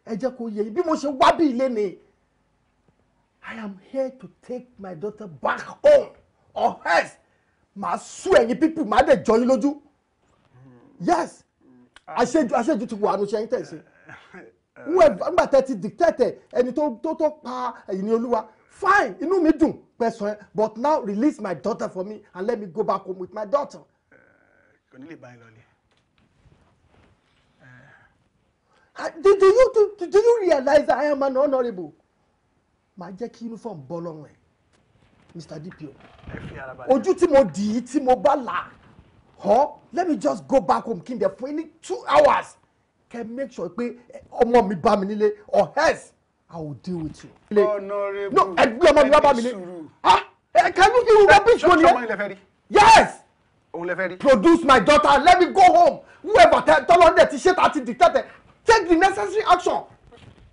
ẹ jẹ́ kó yé bí mo ṣe wá bí ilé ni I am here to take my daughter back home or else màá sú ẹ̀yin pípù màá dẹ̀ jọ yín lójú yes ah. àṣejù àṣejù ti wà àánú ṣe ń tẹ̀sí nígbà tẹ́ ti dictate ẹni tó tó pa ẹ̀yìn ní olúwa fine inú mi dùn pẹ̀sán ẹ but now release my daughter for me and let me go back home with my daughter. Eh, kò ní lè bá ẹ lọ ni. Eh. did you did, did you realize I am an honourable màá jẹ́ kí uniform bọ́ lọ́rùn ẹ̀ Mr. DPO ojú tí mo dì í tí mo bá là á huh? let me just go back home kí n dẹ̀ fún ẹ ní two hours kẹ́ make sure pé eh, ọmọ mi bá mi nílé or else I will deal with you. Honorable. No, ẹgbẹ́ ọmọ mi wá bá mi ní. Ah, can you give me rubbish money? Ṣé Yes. Produce my daughter, let me go home. Whoever tọ́lọ́dẹ̀ ti ṣe ta ti dictate, take the necessary action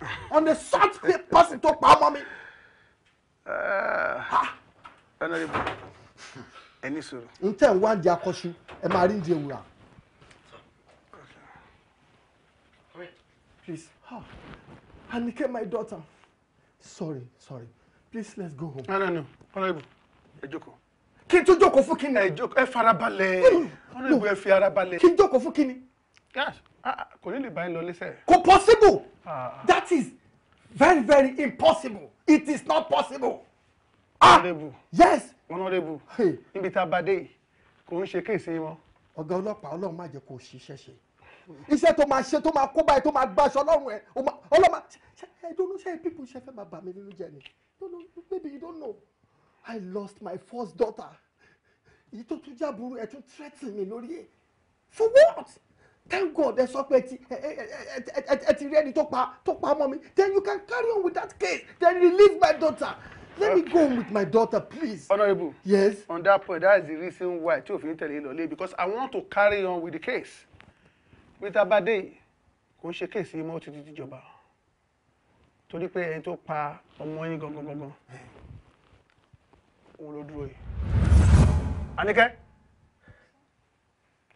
on the such person to pa ọmọ mi. Eh, ah. Honorable, ẹni sọ̀rọ̀. N tẹ̀ ń wá ń di akọ́ṣu, ẹ máa rí ń di ewúra. Please came my daughter. Sorry, sorry. Please, let's go home. No, no, no. Honorable, ẹ jókòó. Kí n tún jókòó fún kíni? Ẹ jókòó, ẹ farabalẹ̀. Honorable, ẹ fi ara balẹ̀. Kí n jókòó fún kíni? Yes, ah, ah, kò ní lè bá yín lọ lẹ́sẹ̀. Kò possible. Ah, ah. That is very very impossible. It is not possible. Honorable. Yes. Honorable. Níbi tá a bá dé yìí, kò ń ṣe kéèsì wọn. Ọ̀gá ọlọ́pàá Ọlọ́run má jẹ́ kó o ṣiṣẹ́ ṣe iṣẹ́ tó máa ṣe tó máa kó báyìí tó máa gbàṣọ ọlọ́run ẹ̀ ọlọ́mà I don't know ṣe people ṣe fẹ́ máa bà mí nínú jẹ́ ni baby you don't know I lost my first daughter èyí tó tún jábúrú ẹ̀ tún threaten mi lórí ẹ̀ for what thank God ẹ sọ pé ẹ ti rí ẹni tó pa tó pa ọmọ mi then you can carry on with that case then release my daughter let me go with my daughter please. honourable yes on that point that is the reason why tí òfin tẹ̀lé lọ lé because I want to carry on with the case pé tá a bá dé kò ń ṣe kéèsì mọ́ títí tìjọba torí pé ẹni tó pa ọmọ yín gangan gangan òun ló dúró yìí. Àníkẹ́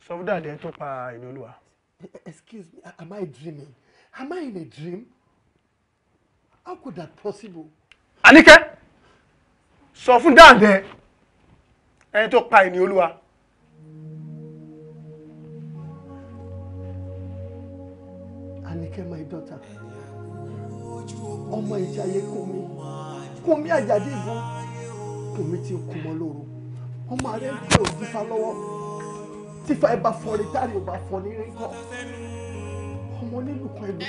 sọ fún dáadé tó pa ìní olúwa. Excuse me, am I dreaming? Am I in a dream? How could that possible? Àníkẹ́ sọ fún dáadé ẹni tó pa ìní olúwa. care my daughter. ọmọ ìjàyè Kúnmi Kúnmi àjàdí ìbọn Kúnmi ti kú mọ́ lóru ọmọ rẹ̀ ń pè òfìfà lọ́wọ́ tífà ẹ bá fọ ní táàrí ò bá fọ ní rẹ́kọ̀ ọmọ nílùú kan tí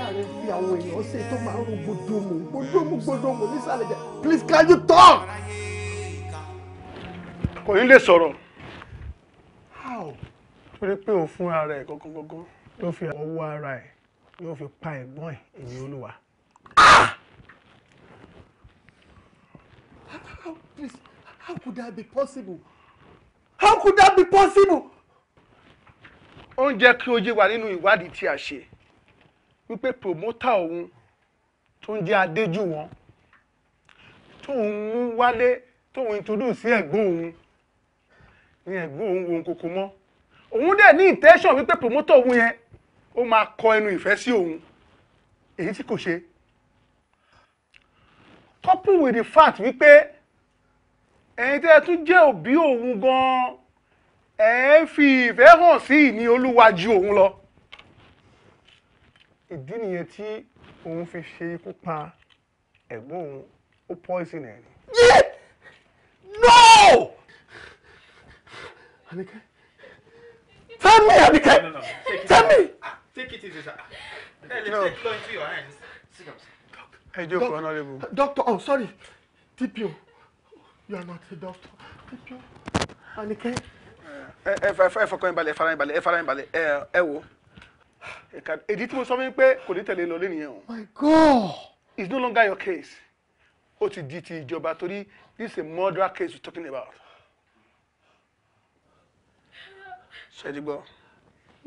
ààrẹ fi àwọn èèyàn ṣe tó máa ń ro gbódòmù gbódòmù gbódòmù nísàlẹ̀ jẹ please can you talk. kò ní lè sọ̀rọ̀ ó rí pé òun fúnra rẹ̀ gangan gangan ló fi ọwọ́ ara ẹ̀ ni fi pa ẹ̀gbọ́n ẹ̀ èmi olúwa. Ah! Please, how could that be possible? How could that be possible? Ó ń jẹ́ kí ó yé wa nínú ìwádìí tí a ṣe wípé promoter òun tó ń jẹ́ adéjú wọn tóun mú wálé tóun introduce sí ẹ̀gbọ́n òun ní ẹ̀gbọ́n òun wo kòkó mọ́ òun dẹ̀ ní intention wípé promoter òun yẹn ó máa kọ ẹnu ìfẹ́ sí òun èyí tí kò ṣe couple with the fact wípé ẹ̀yin tẹ́ ẹ tún jẹ́ òbí òun gan-an ẹ̀ ń fi ìfẹ́ hàn sí ìní olúwa ju òun lọ ìdí nìyẹn tí òun fi ṣe ikú pa ẹ̀gbọ́n òun ó poison ẹ̀ ni. no Àníkẹ́ tell me Àníkẹ́ tell me. Take it easy, sir. Ellie, no. take it into your hands. Sit down, sir. Hey, Joke, Honorable. Doctor, oh, sorry. TPO. You are not a doctor. TPO. Anike. Ẹ ẹ fọkàn ìbalẹ̀ ẹ fara ìbalẹ̀ ẹ fara ìbalẹ̀ ẹ eh, ẹ wo. Èdí tí mo sọ fún pé kò ní tẹ̀lé lọ lé nìyẹn o. My God! It's no longer your case. Ó ti di ti ìjọba torí this is a murder case we're talking about. Ṣé ẹ